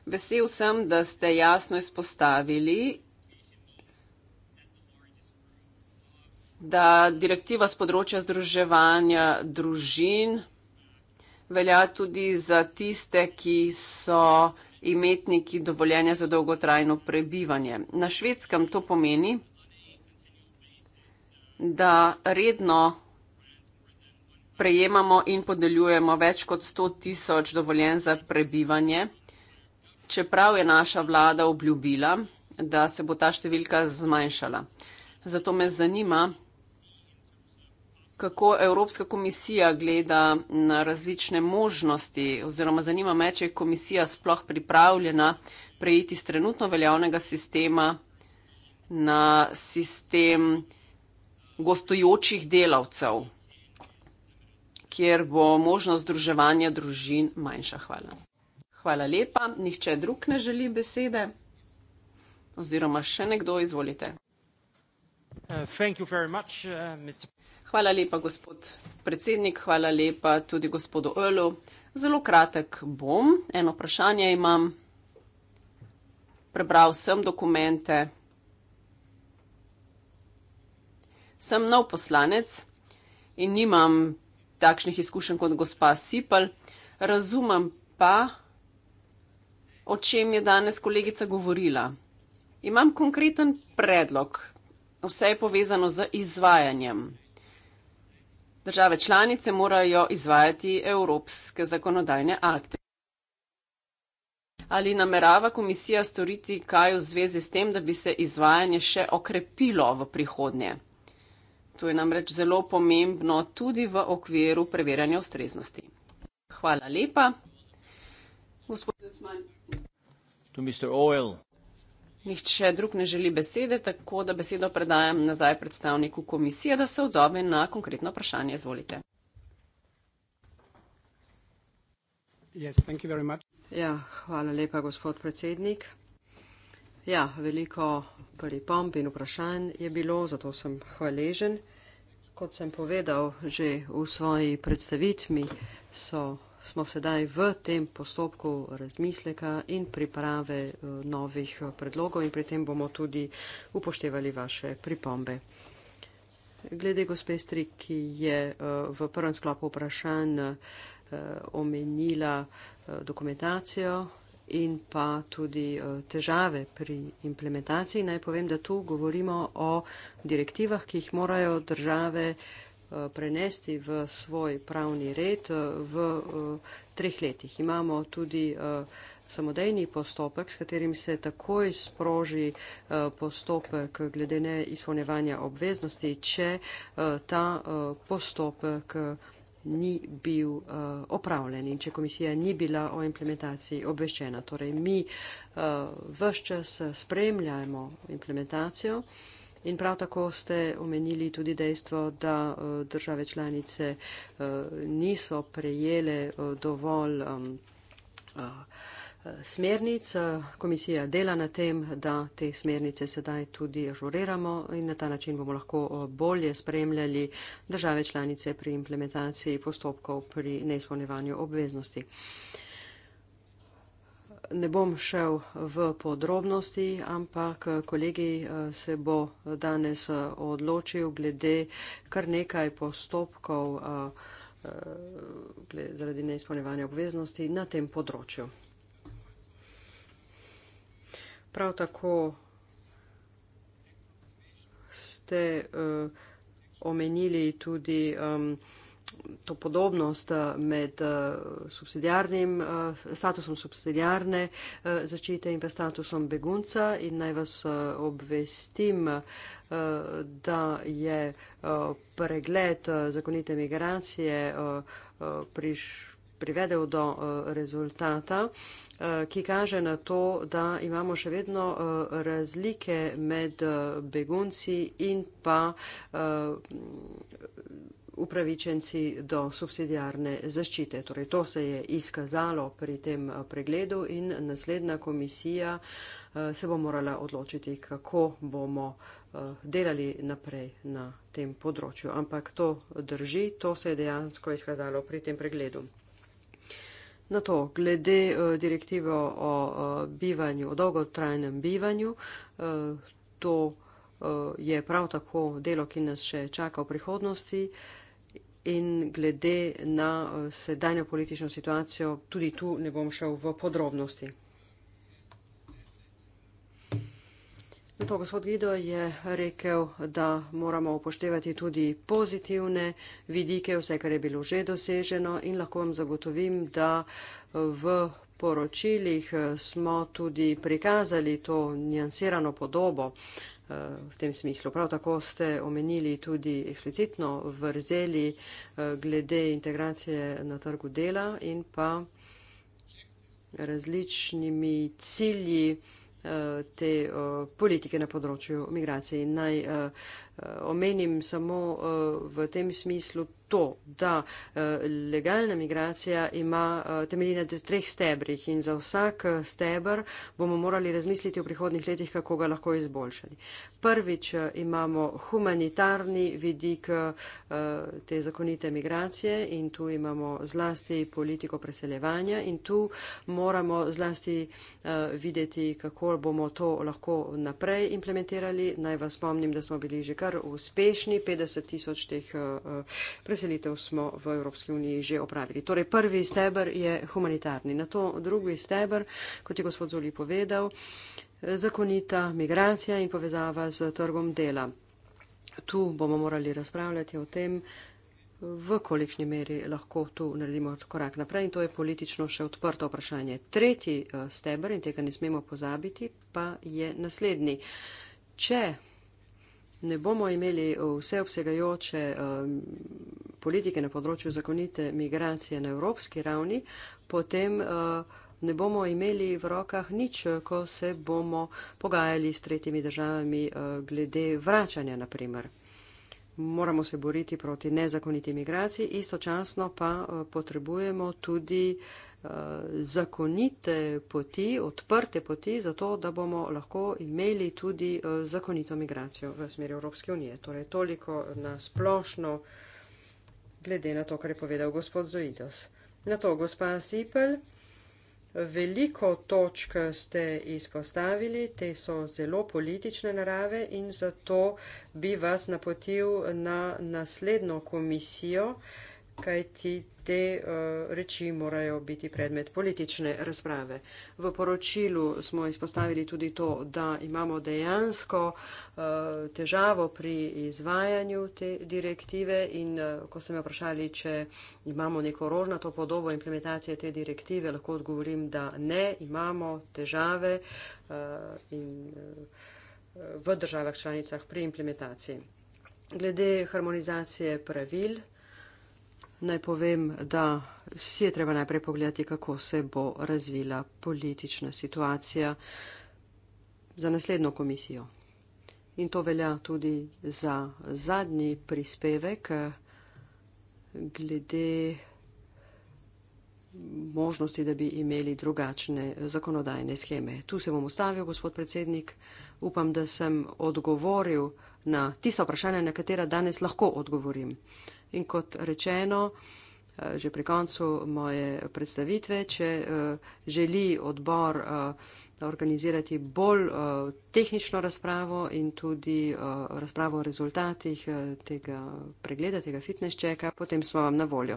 Vesel sem, da ste jasno izpostavili, da direktiva z področja združevanja družin velja tudi za tiste, ki so imetniki dovoljenja za dolgotrajno prebivanje. Na švedskem to pomeni, da redno prejemamo in podeljujemo več kot 100 tisoč dovoljen za prebivanje. Čeprav je naša vlada obljubila, da se bo ta številka zmanjšala. Zato me zanima, kako Evropska komisija gleda na različne možnosti, oziroma zanima me, če je komisija sploh pripravljena preiti iz trenutno veljavnega sistema na sistem gostujočih delavcev, kjer bo možnost združevanja družin manjša. Hvala. Hvala lepa. Nihče drug ne želi besede. Oziroma še nekdo, izvolite. Uh, thank you very much, uh, Mr. Hvala lepa, gospod predsednik, hvala lepa tudi gospodu Ölu. Zelo kratek bom, eno vprašanje imam. Prebral sem dokumente. Sem nov poslanec in nimam takšnih izkušenj kot gospa Sipel. Razumem pa, o čem je danes kolegica govorila. Imam konkreten predlog. Vse je povezano z izvajanjem. Države članice morajo izvajati evropske zakonodajne akte. Ali namerava komisija storiti kaj v zvezi s tem, da bi se izvajanje še okrepilo v prihodnje? To je namreč zelo pomembno tudi v okviru preverjanja ustreznosti. Hvala lepa. Gospod Osman. To Mr. Oil. Nihče drug ne želi besede, tako da besedo predajam nazaj predstavniku komisije, da se odzove na konkretno vprašanje. Izvolite. Yes, ja, hvala lepa, gospod predsednik. Ja, veliko pripomb in vprašanj je bilo, zato sem hvaležen. Kot sem povedal že v svoji predstavitvi, so smo sedaj v tem postopku razmisleka in priprave eh, novih eh, predlogov in pri tem bomo tudi upoštevali vaše pripombe. Glede gospe Strik, ki je eh, v prvem sklopu vprašanj omenila dokumentacijo in pa tudi težave pri implementaciji, naj povem, da tu govorimo o direktivah, ki jih morajo države Eh, prenesti v svoj pravni red eh, v eh, treh letih. Imamo tudi samodejni postopek, s katerim se takoj sproži postopek glede ne izpolnevanja obveznosti, če ta postopek ni bil opravljen in če komisija ni bila o implementaciji obveščena. Torej, mi vse čas spremljamo implementacijo. In prav tako ste omenili tudi dejstvo, da eh, države članice eh, niso prejele eh, dovolj smernic. Komisija dela na tem, da te smernice sedaj tudi žuriramo in na ta način bomo lahko bolje spremljali države članice pri implementaciji postopkov pri neizpolnevanju obveznosti ne bom šel v podrobnosti, ampak kolegi se bo danes odločil glede kar nekaj postopkov zaradi neizpolnevanja obveznosti na tem področju. Prav tako ste omenili tudi um, to podobnost eh, med eh, subsidijarnim, eh, statusom subsidijarne zaščite in pa statusom begunca in naj vas obvestim, da je pregled zakonite migracije priš, privedel do rezultata, ki kaže na to, da imamo še vedno razlike med begunci in pa upravičenci do subsidijarne zaščite. Torej, to se je izkazalo pri tem eh, pregledu in naslednja komisija eh, se bo morala odločiti, kako bomo eh, delali naprej na tem področju. Ampak to drži, to se je dejansko izkazalo pri tem pregledu. Na to, glede direktive o bivanju, o dolgotrajnem bivanju, to je prav tako delo, ki nas še čaka v prihodnosti in glede na eh, sedajno politično situacijo, tudi tu ne bom šel v podrobnosti. Na to gospod Vido je rekel, da moramo upoštevati tudi pozitivne vidike, vse, kar je bilo že doseženo in lahko vam zagotovim, da eh, v poročilih eh, smo tudi prikazali to njansirano podobo. Eh, v tem smislu. Prav tako ste omenili tudi eksplicitno vrzeli eh, glede integracije na trgu dela in pa različnimi cilji eh, te politike na področju migracij. Naj omenim samo v tem smislu to, da eh, legalna migracija ima eh, temelji na treh stebrih in za vsak eh, stebr bomo morali razmisliti v prihodnih letih, kako ga lahko izboljšali. Prvič imamo humanitarni vidik te zakonite migracije in tu imamo zlasti politiko preseljevanja in tu moramo zlasti videti, kako bomo to lahko naprej implementirali. Naj vas spomnim, da smo bili že kar uspešni, 50 tisoč teh preseljevanj preselitev smo v Evropski uniji že opravili. Torej, prvi stebr je humanitarni, na to drugi stebr, kot je gospod Zoli povedal, zakonita migracija in povezava z trgom dela. Tu bomo morali razpravljati o tem, v kolikšni meri lahko tu naredimo korak naprej in to je politično še odprto vprašanje. Tretji eh, stebr in tega ne smemo pozabiti pa je naslednji. Če ne bomo imeli vseobsegajoče eh, politike na področju zakonite migracije na evropski ravni, potem eh, ne bomo imeli v rokah nič, ko se bomo pogajali s tretjimi državami eh, glede vračanja, naprimer. Moramo se boriti proti nezakoniti migraciji, istočasno pa eh, potrebujemo tudi zakonite poti, odprte poti, zato da bomo lahko imeli tudi zakonito migracijo v smeri Evropske unije. Torej, toliko na splošno glede na to, kar je povedal gospod Zoidos. Na to, gospa Sipel, veliko točk ste izpostavili, te so zelo politične narave in zato bi vas napotil na naslednjo komisijo, uh, kaj ti te uh, reči morajo biti predmet politične razprave. V poročilu smo izpostavili tudi to, da imamo dejansko uh, težavo pri izvajanju te direktive in uh, ko ste me vprašali, če imamo neko rožnato podobo implementacije te direktive, lahko odgovorim, da ne, imamo težave uh, in, uh, v državah članicah pri implementaciji. Glede harmonizacije pravil, Naj povem, da si je treba najprej pogledati, kako se bo razvila politična situacija za naslednjo komisijo. In to velja tudi za zadnji prispevek glede možnosti, da bi imeli drugačne zakonodajne scheme. Tu se bom ustavil, gospod predsednik. Upam, da sem odgovoril na tista vprašanja, na katera danes lahko odgovorim. In kot rečeno, eh, že pri koncu moje predstavitve, če eh, želi odbor eh, organizirati bolj tehnično razpravo in tudi razpravo o rezultatih tega pregleda, tega fitness checka, potem smo vam na voljo.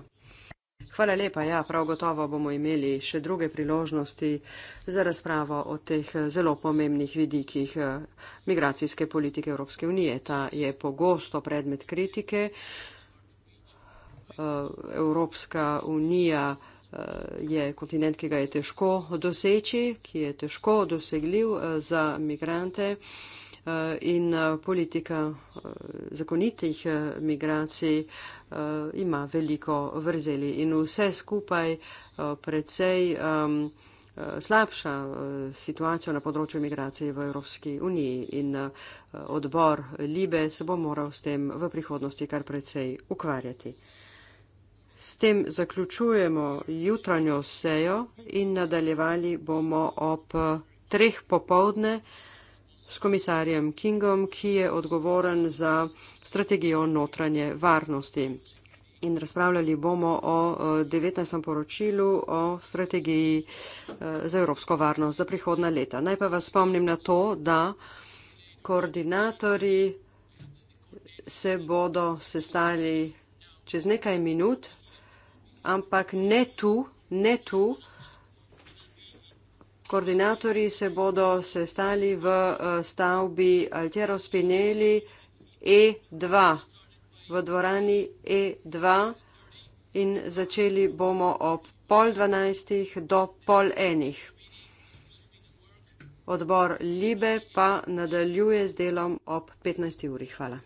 Hvala lepa, ja, prav gotovo bomo imeli še druge priložnosti za razpravo o teh zelo pomembnih vidikih migracijske politike Evropske unije. Ta je pogosto predmet kritike. Eh, Evropska unija eh, je kontinent, ki ga je težko doseči, ki je težko dosegljiv eh, za migrante in politika zakonitih migracij ima veliko vrzeli in vse skupaj precej slabša situacijo na področju migracij v Evropski uniji in odbor Libe se bo moral s tem v prihodnosti kar precej ukvarjati. S tem zaključujemo jutranjo sejo in nadaljevali bomo ob treh popovdne s komisarjem Kingom, ki je odgovoren za strategijo notranje varnosti. In razpravljali bomo o 19. poročilu o strategiji e, za evropsko varnost za prihodna leta. Najprej vas spomnim na to, da koordinatori se bodo sestali čez nekaj minut, ampak ne tu, ne tu. Koordinatori se bodo sestali v eh, stavbi Altero Spinelli E2, v dvorani E2 in začeli bomo ob pol dvanajstih do pol enih. Odbor Libe pa nadaljuje z delom ob 15. uri. Hvala.